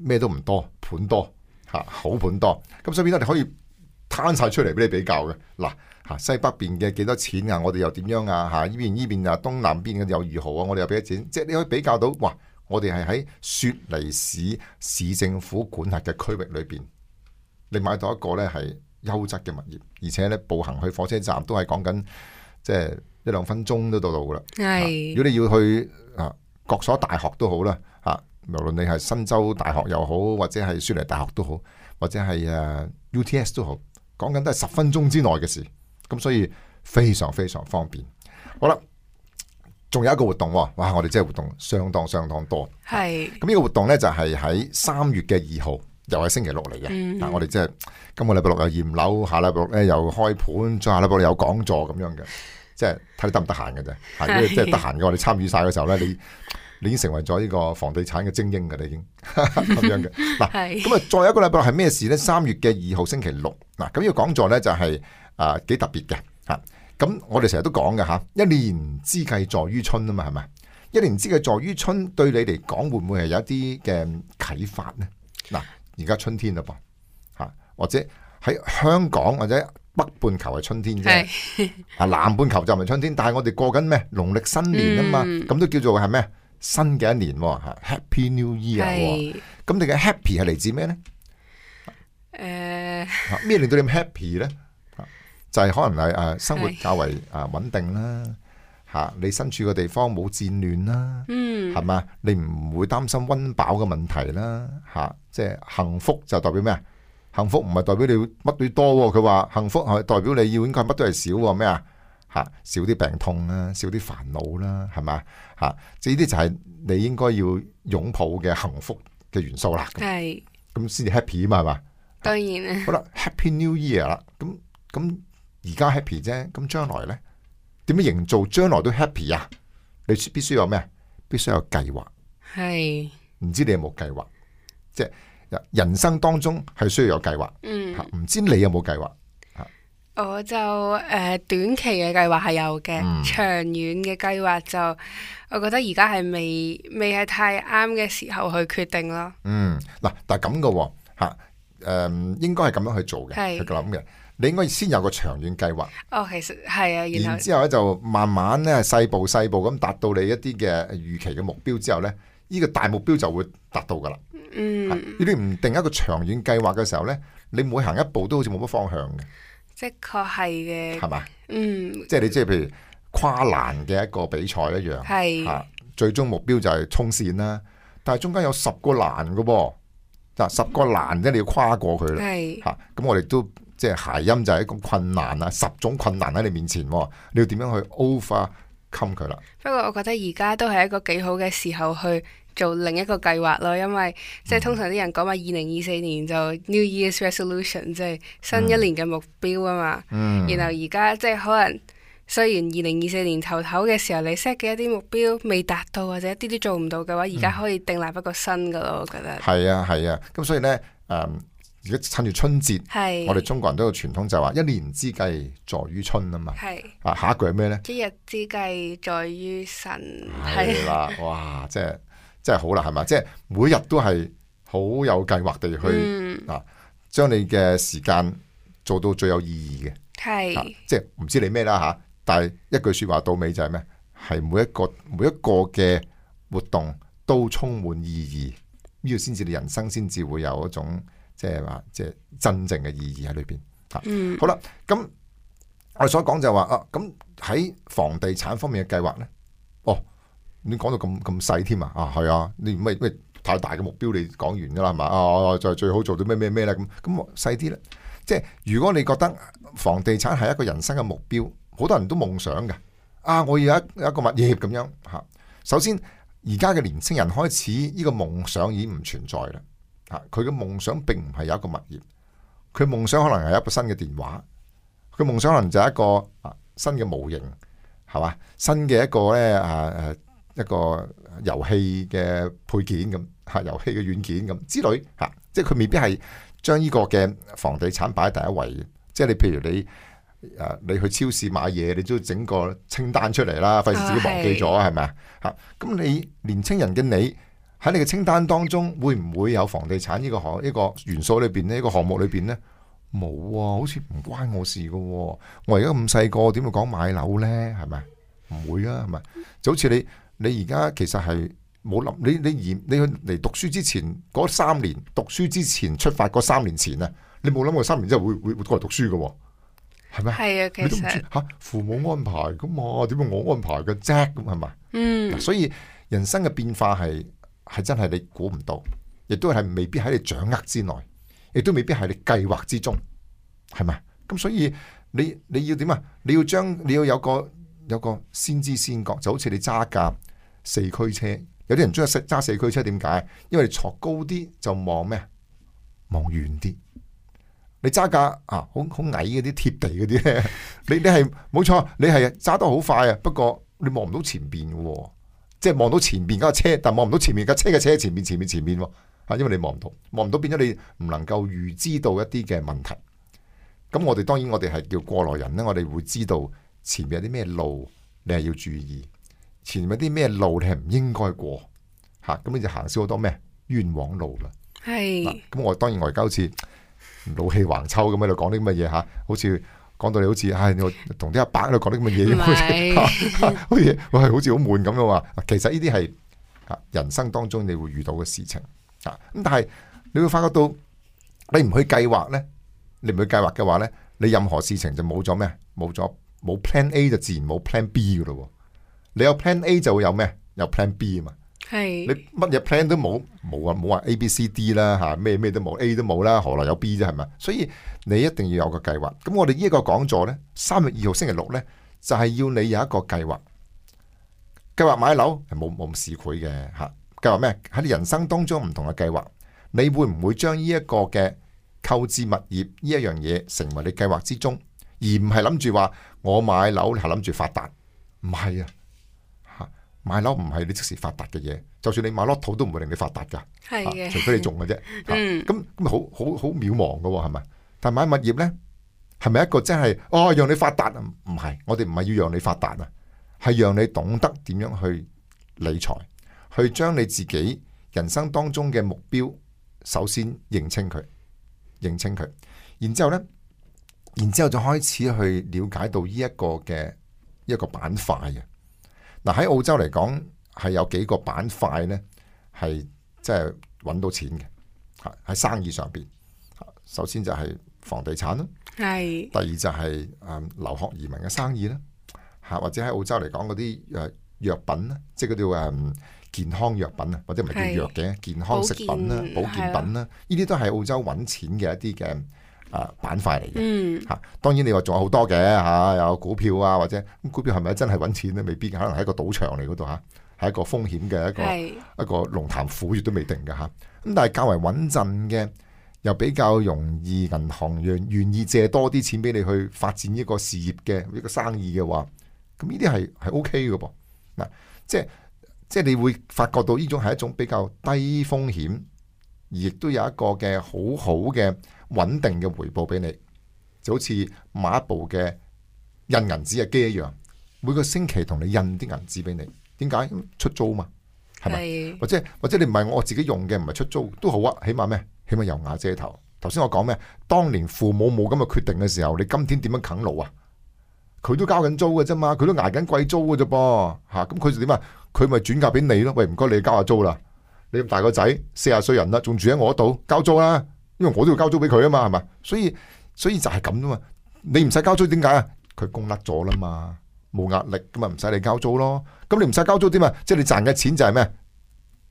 咩、啊、都唔多，盤多吓、啊，好盤多。咁、啊、所以咧，你可以攤晒出嚟俾你比較嘅嗱。啊西北邊嘅幾多錢啊？我哋又點樣啊？嚇呢邊呢邊啊？東南邊嘅又如何啊？我哋又俾啲錢，即係你可以比較到，哇！我哋係喺雪梨市市政府管轄嘅區域裏邊，你買到一個呢係優質嘅物業，而且呢步行去火車站都係講緊即係一兩分鐘都到到噶啦。係，如果你要去啊各所大學都好啦，嚇無論你係新州大學又好，或者係雪梨大學都好，或者係啊 UTS 都好，講緊都係十分鐘之內嘅事。咁所以非常非常方便，好啦，仲有一個活動，哇！我哋真係活動相當相當多。係咁呢個活動呢，就係喺三月嘅二號，又係星期六嚟嘅。但、嗯啊、我哋即係今個禮拜六又驗樓，下禮拜六咧又開盤，再下禮拜六有講座咁樣嘅，即係睇你得唔得閒嘅啫。係，即係得閒嘅話，我哋參與晒嘅時候呢，你你已經成為咗呢個房地產嘅精英嘅啦，你已經咁樣嘅。嗱，咁啊，再有一個禮拜六係咩事呢？三月嘅二號星期六，嗱、啊，咁呢個講座呢，就係、是。啊，幾特別嘅吓，咁、啊、我哋成日都講嘅吓，一年之計在於春啊嘛，係咪？一年之計在於春，對你嚟講會唔會係有一啲嘅啟發呢？嗱、啊，而家春天啦噃吓，或者喺香港或者北半球係春天啫，啊 [laughs] 南半球就唔係春天，但係我哋過緊咩農曆新年啊嘛，咁、嗯、都叫做係咩新嘅一年，吓、啊、Happy New Year 啊，咁你嘅 Happy 係嚟自咩呢？咩、呃啊、令到你咁 Happy 呢？就係、是、可能係誒生活較為誒穩定啦，嚇、啊、你身處個地方冇戰亂啦，嗯，係嘛？你唔會擔心溫飽嘅問題啦，嚇、啊！即、就、係、是、幸福就代表咩啊？幸福唔係代表你乜都多、啊，佢話幸福係代表你要應該乜都係少喎咩啊？嚇、啊！少啲病痛啦、啊，少啲煩惱啦、啊，係嘛？嚇、啊！呢啲就係、是、你應該要擁抱嘅幸福嘅元素啦，係咁先至 happy 嘛係嘛？當然啦，好啦，Happy New Year 啦，咁咁。而家 happy 啫，咁將來呢？點樣營造將來都 happy 啊？你必須有咩？必須有計劃。係。唔知你有冇計劃？即人生當中係需要有計劃。嗯。吓，唔知你有冇計劃？吓，我就誒、呃，短期嘅計劃係有嘅、嗯，長遠嘅計劃就，我覺得而家係未未係太啱嘅時候去決定咯。嗯，嗱，但係咁嘅，吓誒，應該係咁樣去做嘅，係去諗嘅。你應該先有個長遠計劃。哦，其實係啊，然之後咧就慢慢咧細步細步咁達到你一啲嘅預期嘅目標之後咧，呢個大目標就會達到噶啦。嗯，呢啲唔定一個長遠計劃嘅時候咧，你每行一步都好似冇乜方向嘅。即確係嘅，係嘛？嗯，即係你即係譬如跨欄嘅一個比賽一樣，係吓，最終目標就係衝線啦。但係中間有十個欄噶噃，嗱，十個欄咧你要跨過佢啦，係吓，咁我哋都。即係諧音就係一個困難啊，十種困難喺你面前，你要點樣去 overcome 佢啦？不過我覺得而家都係一個幾好嘅時候去做另一個計劃咯，因為即係通常啲人講話二零二四年就 New Year’s Resolution，即、嗯、係、就是、新一年嘅目標啊嘛、嗯。然後而家即係可能雖然二零二四年頭頭嘅時候你 set 嘅一啲目標未達到或者一啲都做唔到嘅話，而家可以訂立一個新嘅咯。我覺得。係啊係啊，咁、啊、所以呢。誒、嗯。而家趁住春節，我哋中國人都有傳統就係話一年之計在於春啊嘛。啊，下一句係咩咧？一日之計在於晨。係啦， [laughs] 哇，即係即係好啦，係嘛？即係每日都係好有計劃地去嗱、嗯啊，將你嘅時間做到最有意義嘅。係、啊、即係唔知你咩啦嚇、啊，但係一句説話到尾就係咩？係每一個每一個嘅活動都充滿意義，呢個先至你人生先至會有一種。即係話，即係真正嘅意義喺裏邊吓、嗯。好啦，咁我哋所講就係話、是、啊，咁喺房地產方面嘅計劃咧，哦，你講到咁咁細添啊？啊，係啊，你唔係咩太大嘅目標，你講完噶啦，係嘛啊？就係、最好做到咩咩咩咧？咁咁細啲咧，即係如果你覺得房地產係一個人生嘅目標，好多人都夢想嘅啊，我要有一一個物業咁樣吓、啊。首先，而家嘅年青人開始呢個夢想已經唔存在啦。佢嘅夢想並唔係有一個物業，佢夢想可能係一個新嘅電話，佢夢想可能就係一個啊新嘅模型，係嘛新嘅一個呢，啊一個遊戲嘅配件咁吓，遊戲嘅軟件咁之類吓，即係佢未必係將呢個嘅房地產擺喺第一位，即係你譬如你誒你去超市買嘢，你都要整個清單出嚟啦，費事自己忘記咗，係咪啊？吓咁你年青人嘅你。喺你嘅清單當中，會唔會有房地產呢個行呢個元素裏邊咧？呢、呢個項目裏邊呢？冇啊，好似唔關我事噶、啊。我而家咁細個，點會講買樓呢？係咪唔會啊？係咪就好似你你而家其實係冇諗你你而你去嚟讀書之前嗰三年讀書之前出發嗰三年前啊，你冇諗過三年之後會會會過嚟讀書噶、啊，係咪？係啊，其實吓、啊、父母安排噶嘛，點會我安排嘅啫，咁係咪？嗯，所以人生嘅變化係。係真係你估唔到，亦都係未必喺你掌握之內，亦都未必喺你計劃之中，係咪？咁所以你你要點啊？你要將你，你要有個有個先知先覺，就好似你揸架四驅車，有啲人中意揸四驅車點解？因為你坐高啲就望咩？望遠啲。你揸架啊，好好矮嗰啲貼地嗰啲 [laughs] 你你係冇錯，你係揸得好快啊，不過你望唔到前邊嘅。即係望到前邊架車，但望唔到前面架車嘅車前面，前面前面。前邊喎，因為你望唔到，望唔到變咗你唔能夠預知到一啲嘅問題。咁我哋當然我哋係叫過來人咧，我哋會知道前面有啲咩路你係要注意，前面有啲咩路你係唔應該過，吓咁你就行少好多咩冤枉路啦。係，咁我當然外好似老氣橫秋咁喺度講啲乜嘢吓，好似。講到你好似，唉、哎，你同啲阿伯喺度講啲咁嘅嘢，好似我係好似好悶咁樣話。其實呢啲係啊，人生當中你會遇到嘅事情啊。咁但係你會發覺到你，你唔去計劃咧，你唔去計劃嘅話咧，你任何事情就冇咗咩，冇咗冇 plan A 就自然冇 plan B 噶咯。你有 plan A 就會有咩？有 plan B 啊嘛。係你乜嘢 plan 都冇，冇啊，冇話 A B C D 啦、啊，吓咩咩都冇，A 都冇啦，何來有 B 啫？係咪？所以。你一定要有個計劃。咁我哋呢一個講座呢，三月二號星期六呢，就係、是、要你有一個計劃。計劃買樓係冇冇咁市儈嘅吓。計劃咩？喺你人生當中唔同嘅計劃，你會唔會將呢一個嘅購置物業呢一樣嘢成為你計劃之中，而唔係諗住話我買樓係諗住發達？唔係啊，吓買樓唔係你即時發達嘅嘢。就算你買落肚都唔會令你發達噶，除非你種嘅啫。 [laughs] 嗯，咁咪好好，好，好渺茫噶喎、哦，係咪？但買物業呢？係咪一個真係哦，讓你發達啊？唔係，我哋唔係要讓你發達啊，係讓你懂得點樣去理財，去將你自己人生當中嘅目標首先認清佢，認清佢，然之後呢，然之後就開始去了解到呢一個嘅一、這個板塊嘅。嗱、啊、喺澳洲嚟講，係有幾個板塊呢，係即係揾到錢嘅，喺生意上邊，首先就係、係。房地產咯，係。第二就係誒留學移民嘅生意啦，吓或者喺澳洲嚟講嗰啲誒藥品咧，即係嗰啲誒健康藥品啊，或者唔係叫藥嘅健康食品啦、保健品啦，呢啲都係澳洲揾錢嘅一啲嘅誒板塊嚟嘅。吓、嗯，當然你話仲有好多嘅吓，有股票啊或者股票係咪真係揾錢咧？未必，可能係一個賭場嚟嗰度吓，係一個風險嘅一個一個龍潭虎穴都未定嘅吓。咁但係較為穩陣嘅。又比較容易，銀行願願意借多啲錢俾你去發展呢個事業嘅呢個生意嘅話，咁呢啲係係 OK 嘅噃、啊、即係即係你會發覺到呢種係一種比較低風險，而亦都有一個嘅好好嘅穩定嘅回報俾你，就好似買一部嘅印銀紙嘅機一樣，每個星期同你印啲銀紙俾你。點解？出租嘛，係咪？或者或者你唔係我自己用嘅，唔係出租都好啊，起碼咩？起碼有瓦遮頭。頭先我講咩？當年父母冇咁嘅決定嘅時候，你今天點樣啃老啊？佢都交緊租嘅啫嘛，佢都挨緊貴租嘅啫噃。吓，咁佢就點啊？佢咪轉嫁俾你咯？喂，唔該你交下租啦。你咁大個仔，四十歲人啦，仲住喺我度，交租啦。因為我都要交租俾佢啊嘛，係嘛？所以所以就係咁啫嘛。你唔使交租點解啊？佢供甩咗啦嘛，冇壓力咁啊，唔使你交租咯。咁你唔使交租點啊？即係你賺嘅錢就係咩？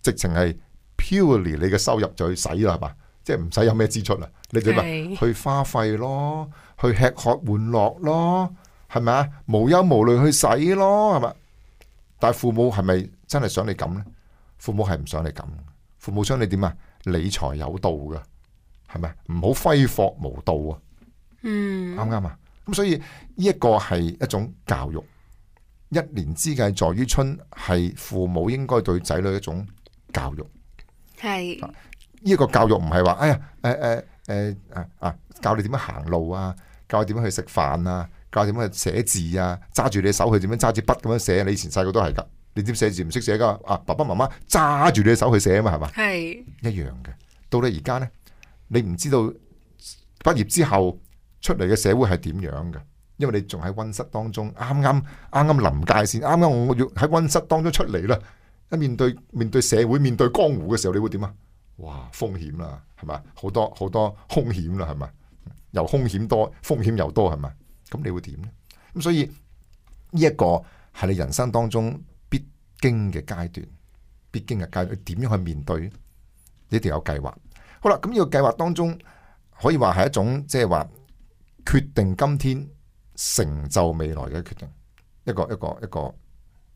直情係 purely 你嘅收入就去使啦，係嘛？即係唔使有咩支出啦，你點啊？去花費咯，去吃喝玩樂咯，係咪啊？無憂無慮去使咯，係嘛？但係父母係咪真係想你咁呢？父母係唔想你咁，父母想你點啊？理財有道噶，係咪？唔好揮霍無度啊！嗯，啱唔啱啊？咁所以呢一個係一種教育，一年之計在於春，係父母應該對仔女一種教育，係。呢、這、一個教育唔係話，哎呀，誒誒誒啊啊，教你點樣行路啊，教你點樣去食飯啊，教你點樣去寫字啊，揸住你手去點樣揸住筆咁樣寫，你以前細個都係噶，你點寫字唔識寫噶，啊，爸爸媽媽揸住你手去寫啊嘛，係嘛，係一樣嘅。到你而家呢，你唔知道畢業之後出嚟嘅社會係點樣嘅，因為你仲喺溫室當中，啱啱啱啱臨界線，啱啱我要喺溫室當中出嚟啦，一面對面對社會，面對江湖嘅時候，你會點啊？哇，風險啦，係咪？好多好多兇險啦，係咪？又兇險多，風險又多，係咪？咁你會點呢？咁所以呢一個係你人生當中必經嘅階段，必經嘅階段，你點樣去面對？你一定要有計劃。好啦，咁呢個計劃當中，可以話係一種即係話決定今天成就未來嘅決定，一個一個一個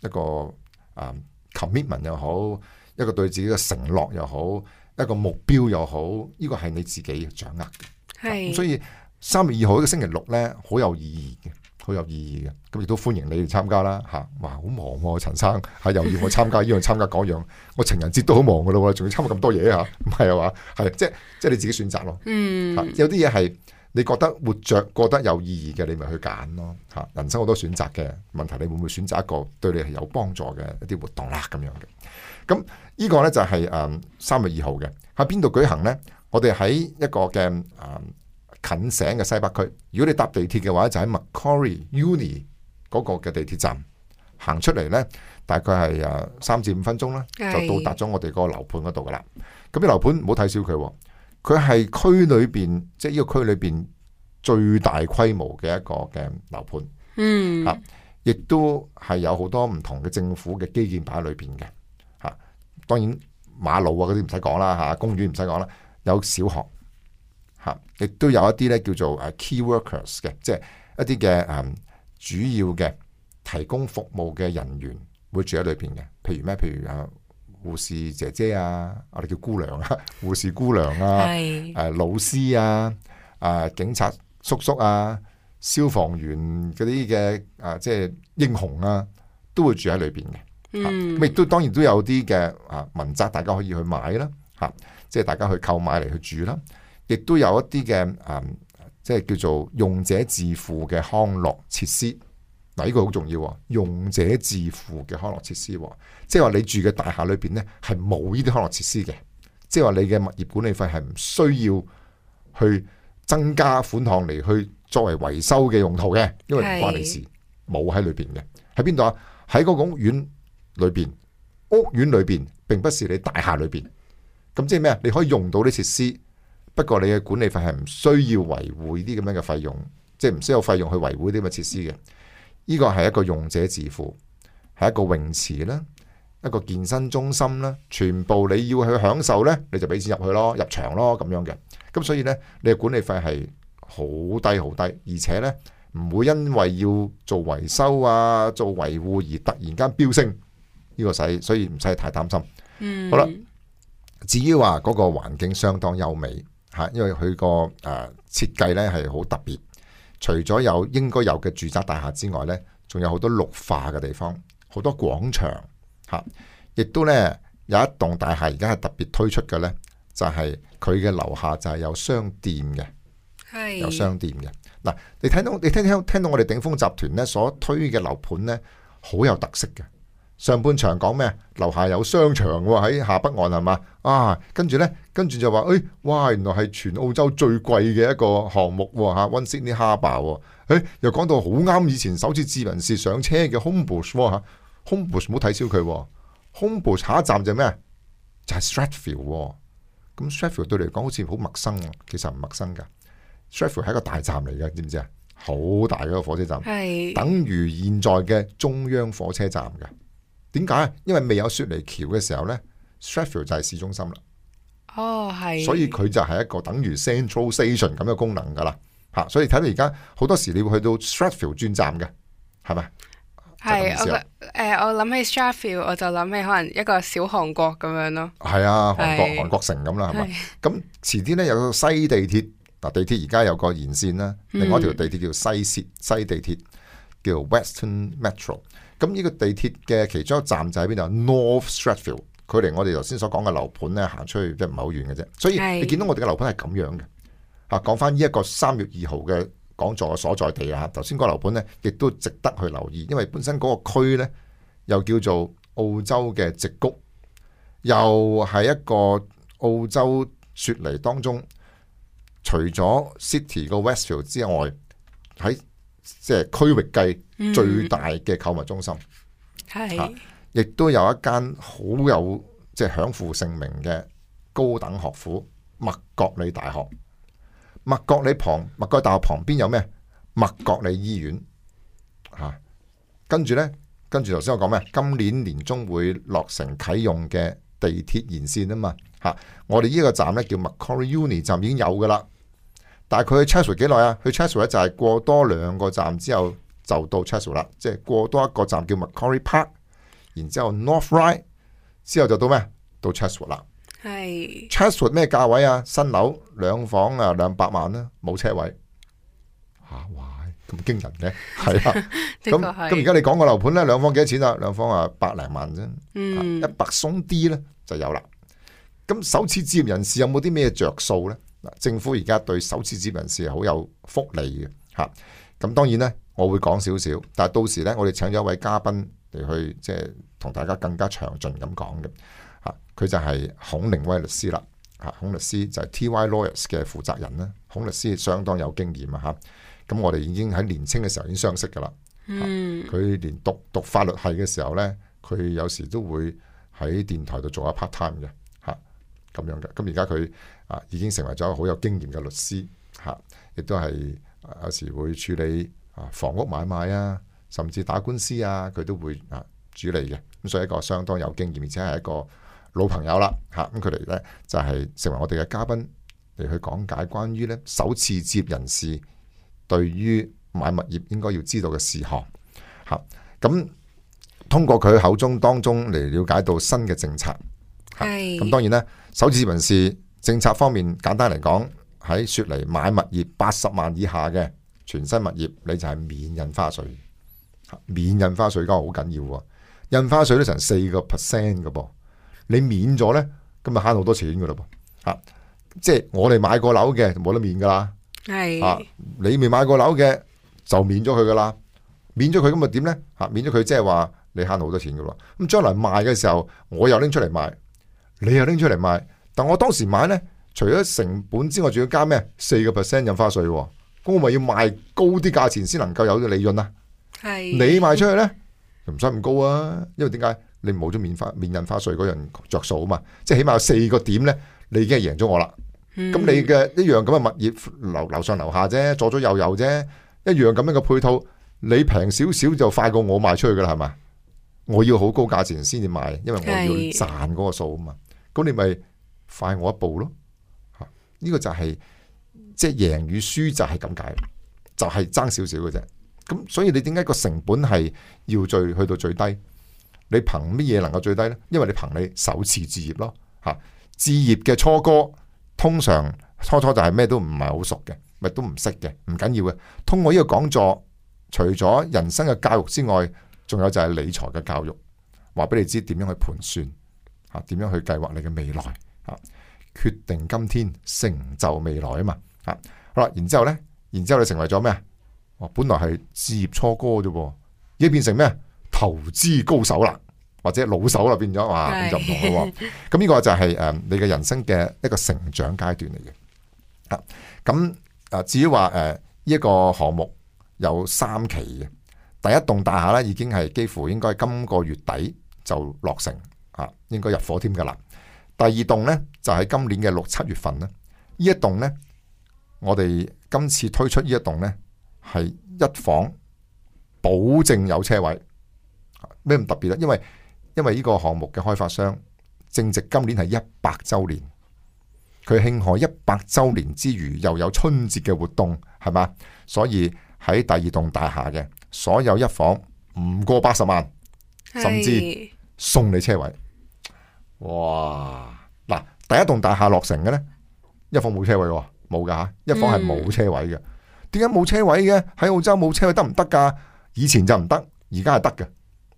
一個啊、uh, commitment 又好，一個對自己嘅承諾又好。一個目標又好，呢個係你自己掌握嘅。係、啊，所以三月二號呢個星期六呢，好有意義嘅，好有意義嘅。咁亦都歡迎你哋參加啦，吓、啊。哇，好忙喎、啊，陳生，吓又要我參加呢樣，參 [laughs] 加嗰、這、樣、個這個。我情人節都好忙噶啦，仲要參加咁多嘢啊？唔係啊嘛？係即係即係你自己選擇咯。嗯。啊、有啲嘢係你覺得活着覺得有意義嘅，你咪去揀咯。嚇、啊啊，人生好多選擇嘅問題，你會唔會選擇一個對你係有幫助嘅一啲活動啦？咁樣嘅。咁呢個呢，就係誒三月二號嘅，喺邊度舉行呢？我哋喺一個嘅近省嘅西北區。如果你搭地鐵嘅話，就喺 Macquarie Uni 嗰個嘅地鐵站行出嚟，呢，大概係誒三至五分鐘啦，就到達咗我哋個樓盤嗰度噶啦。咁啲樓盤唔好睇小佢，佢係區裏邊即係呢個區裏邊最大規模嘅一個嘅樓盤。嗯，亦、啊、都係有好多唔同嘅政府嘅基建擺喺裏邊嘅。當然馬路啊嗰啲唔使講啦嚇，公園唔使講啦，有小學嚇，亦都有一啲咧叫做誒 key workers 嘅，即係一啲嘅誒主要嘅提供服務嘅人員會住喺裏邊嘅。譬如咩？譬如誒護士姐姐啊，我哋叫姑娘啊，護士姑娘啊，誒、 [laughs] 啊、老師啊，誒、啊、警察叔叔啊，消防員嗰啲嘅誒即係英雄啊，都會住喺裏邊嘅。嗯，亦都當然都有啲嘅啊民宅，大家可以去買啦，吓即係大家去購買嚟去住啦。亦都有一啲嘅啊，即係叫做用者自付嘅康樂設施嗱。呢個好重要啊，用者自付嘅康樂設施，即係話你住嘅大廈裏邊咧係冇呢啲康樂設施嘅，即係話你嘅物業管理費係唔需要去增加款項嚟去作為維修嘅用途嘅，因為唔關你事，冇喺裏邊嘅。喺邊度啊？喺個公園。裏邊屋苑裏邊，並不是你大廈裏邊咁，即係咩啊？你可以用到啲設施，不過你嘅管理費係唔需要維護啲咁樣嘅費用，即係唔需要費用去維護啲咁嘅設施嘅。呢個係一個用者自付，係一個泳池啦，一個健身中心啦，全部你要去享受呢，你就俾錢入去咯，入場咯咁樣嘅。咁所以呢，你嘅管理費係好低好低，而且呢，唔會因為要做維修啊、做維護而突然間飆升。呢、這個使，所以唔使太擔心。嗯、好啦，至於話嗰個環境相當優美嚇，因為佢個誒設計呢係好特別。除咗有應該有嘅住宅大廈之外呢，仲有好多綠化嘅地方，好多廣場嚇，亦都呢，有一棟大廈而家係特別推出嘅呢，就係佢嘅樓下就係有商店嘅，係有商店嘅。嗱，你睇到你聽聽聽到我哋鼎豐集團呢所推嘅樓盤呢，好有特色嘅。上半場講咩？樓下有商場喎，喺下北岸係嘛？啊，跟住呢，跟住就話，誒、哎，哇，原來係全澳洲最貴嘅一個項目喎，嚇、啊，One Sydney Harbour，誒、啊，又講到好啱以前首次智人士上車嘅 Homebush，Homebush 冇睇小佢，Homebush 下一站就咩？就係、是、Strathfield，咁、啊、Strathfield 對你嚟講好似好陌生，其實唔陌生㗎，Strathfield 係一個大站嚟嘅，知唔知啊？好大嗰個火車站，等於現在嘅中央火車站㗎。點解？因為未有雪梨橋嘅時候呢 Strathfield 就係市中心啦。哦，係。所以佢就係一個等於 Central Station 咁嘅功能噶啦。吓，所以睇到而家好多時你會去到 Strathfield 轉站嘅，係咪？係我、呃、我諗起 Strathfield，我就諗起可能一個小韓國咁樣咯。係啊，韓國韓國城咁啦，係咪？咁前天呢有個西地鐵，嗱地鐵而家有個延線啦，mm. 另外條地鐵叫西西地鐵，叫 Western Metro。咁呢個地鐵嘅其中一站就喺邊度？North s t r a t f i e l d 距離我哋頭先所講嘅樓盤咧，行出去即係唔係好遠嘅啫。所以你見到我哋嘅樓盤係咁樣嘅。嚇，講翻呢一個三月二號嘅講座嘅所在地啊，頭先嗰個樓盤咧，亦都值得去留意，因為本身嗰個區咧又叫做澳洲嘅直谷，又係一個澳洲雪梨當中，除咗 City 個 Westfield 之外喺。即係區域計最大嘅購物中心，係、嗯，亦都有一間好有即係、就是、享負盛名嘅高等學府麥國理大學。麥國理旁麥國大學旁邊有咩？麥國理醫院，吓、啊，跟住咧，跟住頭先我講咩？今年年中會落成啟用嘅地鐵延線啊嘛，吓、啊，我哋呢個站咧叫麥國理 Uni 站，已經有噶啦。但係佢去 Chatswood 幾耐啊？去 Chatswood 就係過多兩個站之後就到 Chatswood 啦，即係過多一個站叫 Macquarie Park，然之後 North Ryde，之後就到咩？到 Chatswood 啦。係。Chatswood 咩價位啊？新樓兩房啊兩百萬啦，冇車位。吓、啊、哇！咁驚人嘅，係 [laughs] 是啊。咁咁而家你講個樓盤咧，兩房幾多錢啊？兩房啊百零萬啫，嗯啊、鬆一百鬆啲咧就有啦。咁首次置業人士有冇啲咩着數咧？政府而家對首次置業人士係好有福利嘅嚇，咁當然咧，我會講少少，但係到時咧，我哋請咗一位嘉賓嚟去，即係同大家更加詳盡咁講嘅嚇，佢就係孔令威律師啦，啊，孔律師就係 T Y Lawyers 嘅負責人啦，孔律師相當有經驗啊嚇，咁我哋已經喺年青嘅時候已經相識噶啦，佢、嗯、連讀讀法律系嘅時候咧，佢有時都會喺電台度做下 part time 嘅嚇，咁樣嘅，咁而家佢。啊，已經成為咗一個好有經驗嘅律師，嚇，亦都係有時會處理啊房屋買賣啊，甚至打官司啊，佢都會啊主理嘅，咁所以一個相當有經驗，而且係一個老朋友啦，嚇，咁佢哋咧就係成為我哋嘅嘉賓嚟去講解關於咧首次置業人士對於買物業應該要知道嘅事項，嚇，咁通過佢口中當中嚟了解到新嘅政策，係，咁當然咧首次置業人士。政策方面，簡單嚟講，喺雪梨買物業八十萬以下嘅全新物業，你就係免印花稅。免印花稅交好緊要喎，印花稅都成四個 percent 噶噃，你免咗咧，咁咪慳好多錢噶啦噃。吓，即係我哋買過樓嘅就冇得免噶啦，係，你未買過樓嘅就免咗佢噶啦，免咗佢咁咪點咧？吓，免咗佢即係話你慳好多錢噶咯。咁將來賣嘅時候，我又拎出嚟賣，你又拎出嚟賣。但我當時買呢，除咗成本之外，仲要加咩？四個 percent 印花稅喎、啊，咁我咪要賣高啲價錢先能夠有啲利潤啦、啊。你賣出去呢，唔使咁高啊，因為點解？你冇咗免花免印花稅嗰樣着數啊嘛，即係起碼有四個點呢，你已經係贏咗我啦。咁你嘅一樣咁嘅物業，樓樓上樓下啫，左左右右啫，一樣咁樣嘅配套，你平少少就快過我賣出去噶啦，係咪？我要好高價錢先至賣，因為我要賺嗰個數啊嘛。咁你咪，快我一步咯，吓、這、呢個就係、是、即係贏與輸就係咁解，就係爭少少嘅啫。咁所以你點解個成本係要最去到最低？你憑乜嘢能夠最低呢？因為你憑你首次置業咯，吓置業嘅初哥通常初初就是什麼不是不係咩都唔係好熟嘅，咪都唔識嘅，唔緊要嘅。通過呢個講座，除咗人生嘅教育之外，仲有就係理財嘅教育，話俾你知點樣去盤算吓，點樣去計劃你嘅未來。決定今天成就未來啊嘛！好、啊、啦，然之後咧，然之後你成為咗咩啊？本來係置業初哥啫，喎、呃，已經變成咩？投資高手啦，或者老手啦，變咗哇，就唔同啦。咁呢個就係、是、誒，呃、 [laughs] 你嘅人生嘅一個成長階段嚟嘅。啊，咁啊，至於話誒呢一個項目有三期嘅，第一棟大廈咧已經係幾乎應該今個月底就落成啊，應該入伙添噶啦。第二棟呢，就喺、是、今年嘅六七月份啦，呢一棟呢，我哋今次推出呢一棟呢，係一房，保證有車位。咩唔特別咧？因為因為呢個項目嘅開發商正值今年係一百周年，佢慶賀一百周年之餘，又有春節嘅活動，係嘛？所以喺第二棟大廈嘅所有一房唔過八十萬，甚至送你車位。哇！嗱，第一棟大廈落成嘅呢，一房冇車位喎，冇噶吓，一房係冇車位嘅。點解冇車位嘅？喺澳洲冇車位得唔得噶？以前就唔得，而家係得嘅。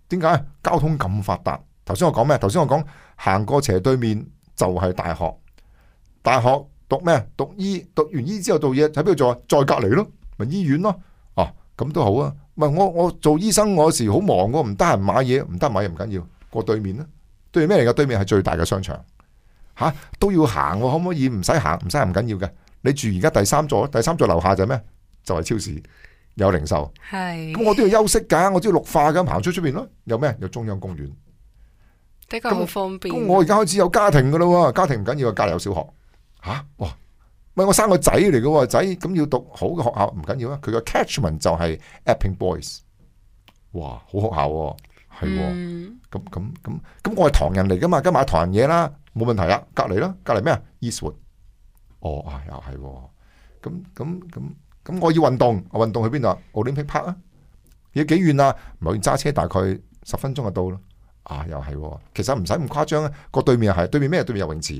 點解？交通咁發達。頭先我講咩？頭先我講行過斜對面就係大學。大學讀咩？讀醫，讀完醫之後做嘢喺邊度做啊？再隔籬咯，咪醫院咯。哦、啊，咁都好啊。唔係我我做醫生，我有時好忙、啊，我唔得閒買嘢，唔得買又唔緊要，過對面啦。對咩嚟噶？對面係最大嘅商場，吓、啊、都要行、啊，可唔可以唔使行？唔使唔緊要嘅。你住而家第三座，第三座樓下就咩？就係、是、超市，有零售。係。咁我都要休息噶，我都要綠化噶，行出出邊咯。有咩？有中央公園。的確好方便的。咁我而家開始有家庭噶啦、啊，家庭唔緊要緊的，隔籬有小學。吓、啊、哇！咪我生個仔嚟噶，仔咁要讀好嘅學校唔緊要啊。佢個 catchment 就係 Epping Boys，哇，好學校、啊。係、喔，咁咁咁咁，我係唐人嚟噶嘛，梗買唐人嘢啦，冇問題啦，隔籬啦，隔籬咩啊？Eastwood，哦啊，又係，咁咁咁咁，我要運動，運動去邊度啊？Olympic Park 啊，要幾遠啊？唔係揸車大概十分鐘就到咯，啊，又係、喔啊啊啊啊喔，其實唔使咁誇張啊，個對面又係，對面咩啊？對面游泳池，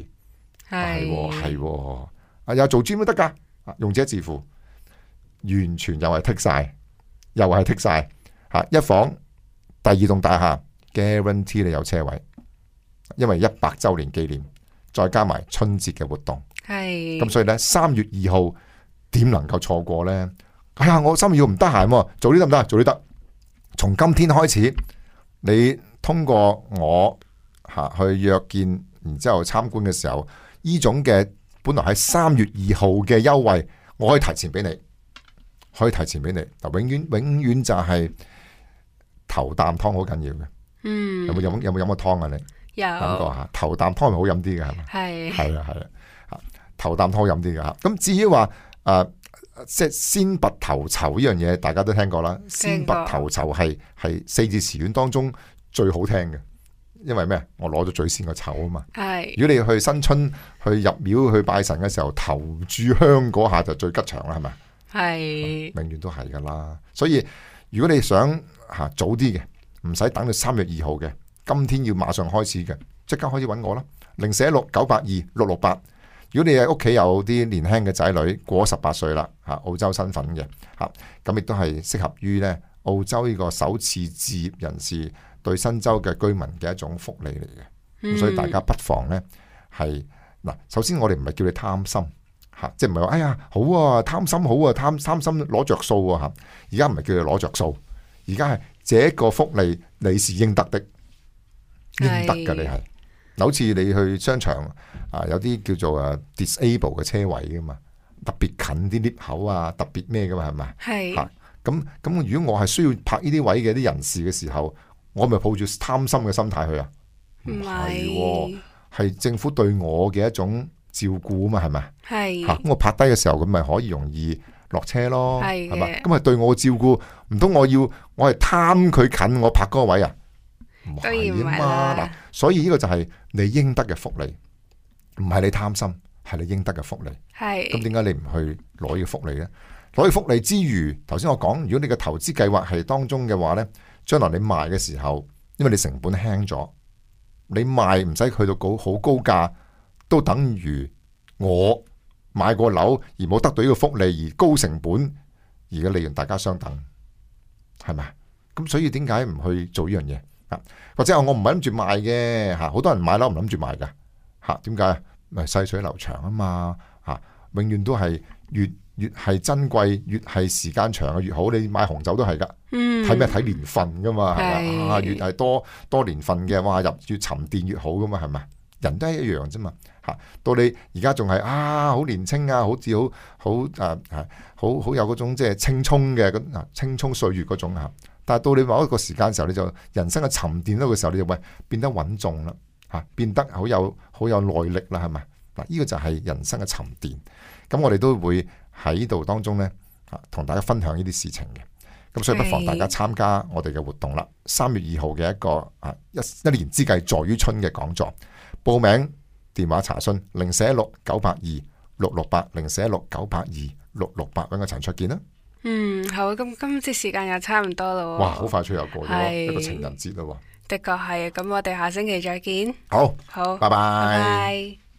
係係啊，喔喔、啊，又做 gym 都得噶，用者自負，完全又係剔晒，又係剔晒，吓、啊、一房。第二棟大廈，Guarantee 你有車位，因為一百周年紀念，再加埋春節嘅活動，係，咁所以呢，三月二號點能夠錯過呢？哎呀，我三月二號唔得閒，早啲得唔得？早啲得？從今天開始，你通過我吓去約見，然之後參觀嘅時候，呢種嘅本來喺三月二號嘅優惠，我可以提前俾你，可以提前俾你。嗱，永遠永遠就係、是。頭啖湯好緊要嘅、嗯，有冇飲有冇飲過湯啊你？你有諗過吓？頭啖湯咪好飲啲嘅係咪？係係啦係啦，頭啖湯好飲啲嘅吓。咁至於話誒，即、呃、係先拔頭籌呢樣嘢，大家都聽過啦。先拔頭籌係係四字詞語當中最好聽嘅，因為咩？我攞咗最先個籌啊嘛。係如果你去新春去入廟去拜神嘅時候，頭炷香嗰下就最吉祥啦，係咪？係永遠都係噶啦。所以如果你想，吓早啲嘅，唔使等到三月二號嘅，今天要馬上開始嘅，即刻開始揾我啦。零四一六九八二六六八，如果你喺屋企有啲年輕嘅仔女過咗十八歲啦，吓澳洲身份嘅，吓咁亦都係適合於呢澳洲呢個首次置業人士對新州嘅居民嘅一種福利嚟嘅，咁、嗯、所以大家不妨呢，係嗱，首先我哋唔係叫你貪心吓，即係唔係話哎呀好啊貪心好啊貪貪心攞着數啊吓，而家唔係叫你攞着數。而家係這個福利，你是應得的，應得嘅你係。嗱，好似你去商場啊，有啲叫做誒、啊、disable 嘅車位嘅嘛，特別近啲 lift 口啊，特別咩嘅嘛，係咪？係。咁、啊、咁，如果我係需要拍呢啲位嘅啲人士嘅時候，我咪抱住貪心嘅心態去啊？唔係，係、哦、政府對我嘅一種照顧啊嘛，係咪？係。咁、啊、我拍低嘅時候，咁咪可以容易。落車咯，係嘛？咁啊對我照顧，唔通我要我係貪佢近我拍嗰個位啊？唔係啊嘛，嗱，所以呢個就係你應得嘅福利，唔係你貪心，係你應得嘅福利。係咁，點解你唔去攞呢個福利咧？攞嘅福利之餘，頭先我講，如果你嘅投資計劃係當中嘅話咧，將來你賣嘅時候，因為你成本輕咗，你賣唔使去到好高高價，都等於我。買過樓而冇得到呢個福利而高成本而嘅利潤，大家相等係咪？咁所以點解唔去做呢樣嘢啊？或者我唔係諗住賣嘅吓，好多人買樓唔諗住賣噶吓，點解啊？咪細水流長啊嘛吓，永遠都係越越係珍貴越係時間長嘅越好。你買紅酒都係噶，睇咩睇年份噶嘛係啊？越係多多年份嘅話，入越沉澱越好噶嘛係咪？人都係一樣啫嘛。到你而家仲係啊好年輕啊，好似好好誒、啊、好好有嗰種即係青葱嘅咁啊青葱歲月嗰種啊，但係到你某一個時間嘅時候，你就人生嘅沉澱呢個時候，你就會變得穩重啦吓、啊，變得好有好有耐力啦，係咪嗱？呢、啊這個就係人生嘅沉澱。咁我哋都會喺度當中呢，吓、啊，同大家分享呢啲事情嘅。咁所以不妨大家參加我哋嘅活動啦。三月二號嘅一個啊一一年之計在於春嘅講座，報名。電話查詢零四一六九八二六六八零四一六九八二六六八，揾個陳焯楗啦。嗯，好，咁今次時間又差唔多咯，哇，好快出，出又過咗，一個情人節啦。的確係，咁我哋下星期再見。好，好，拜拜。Bye bye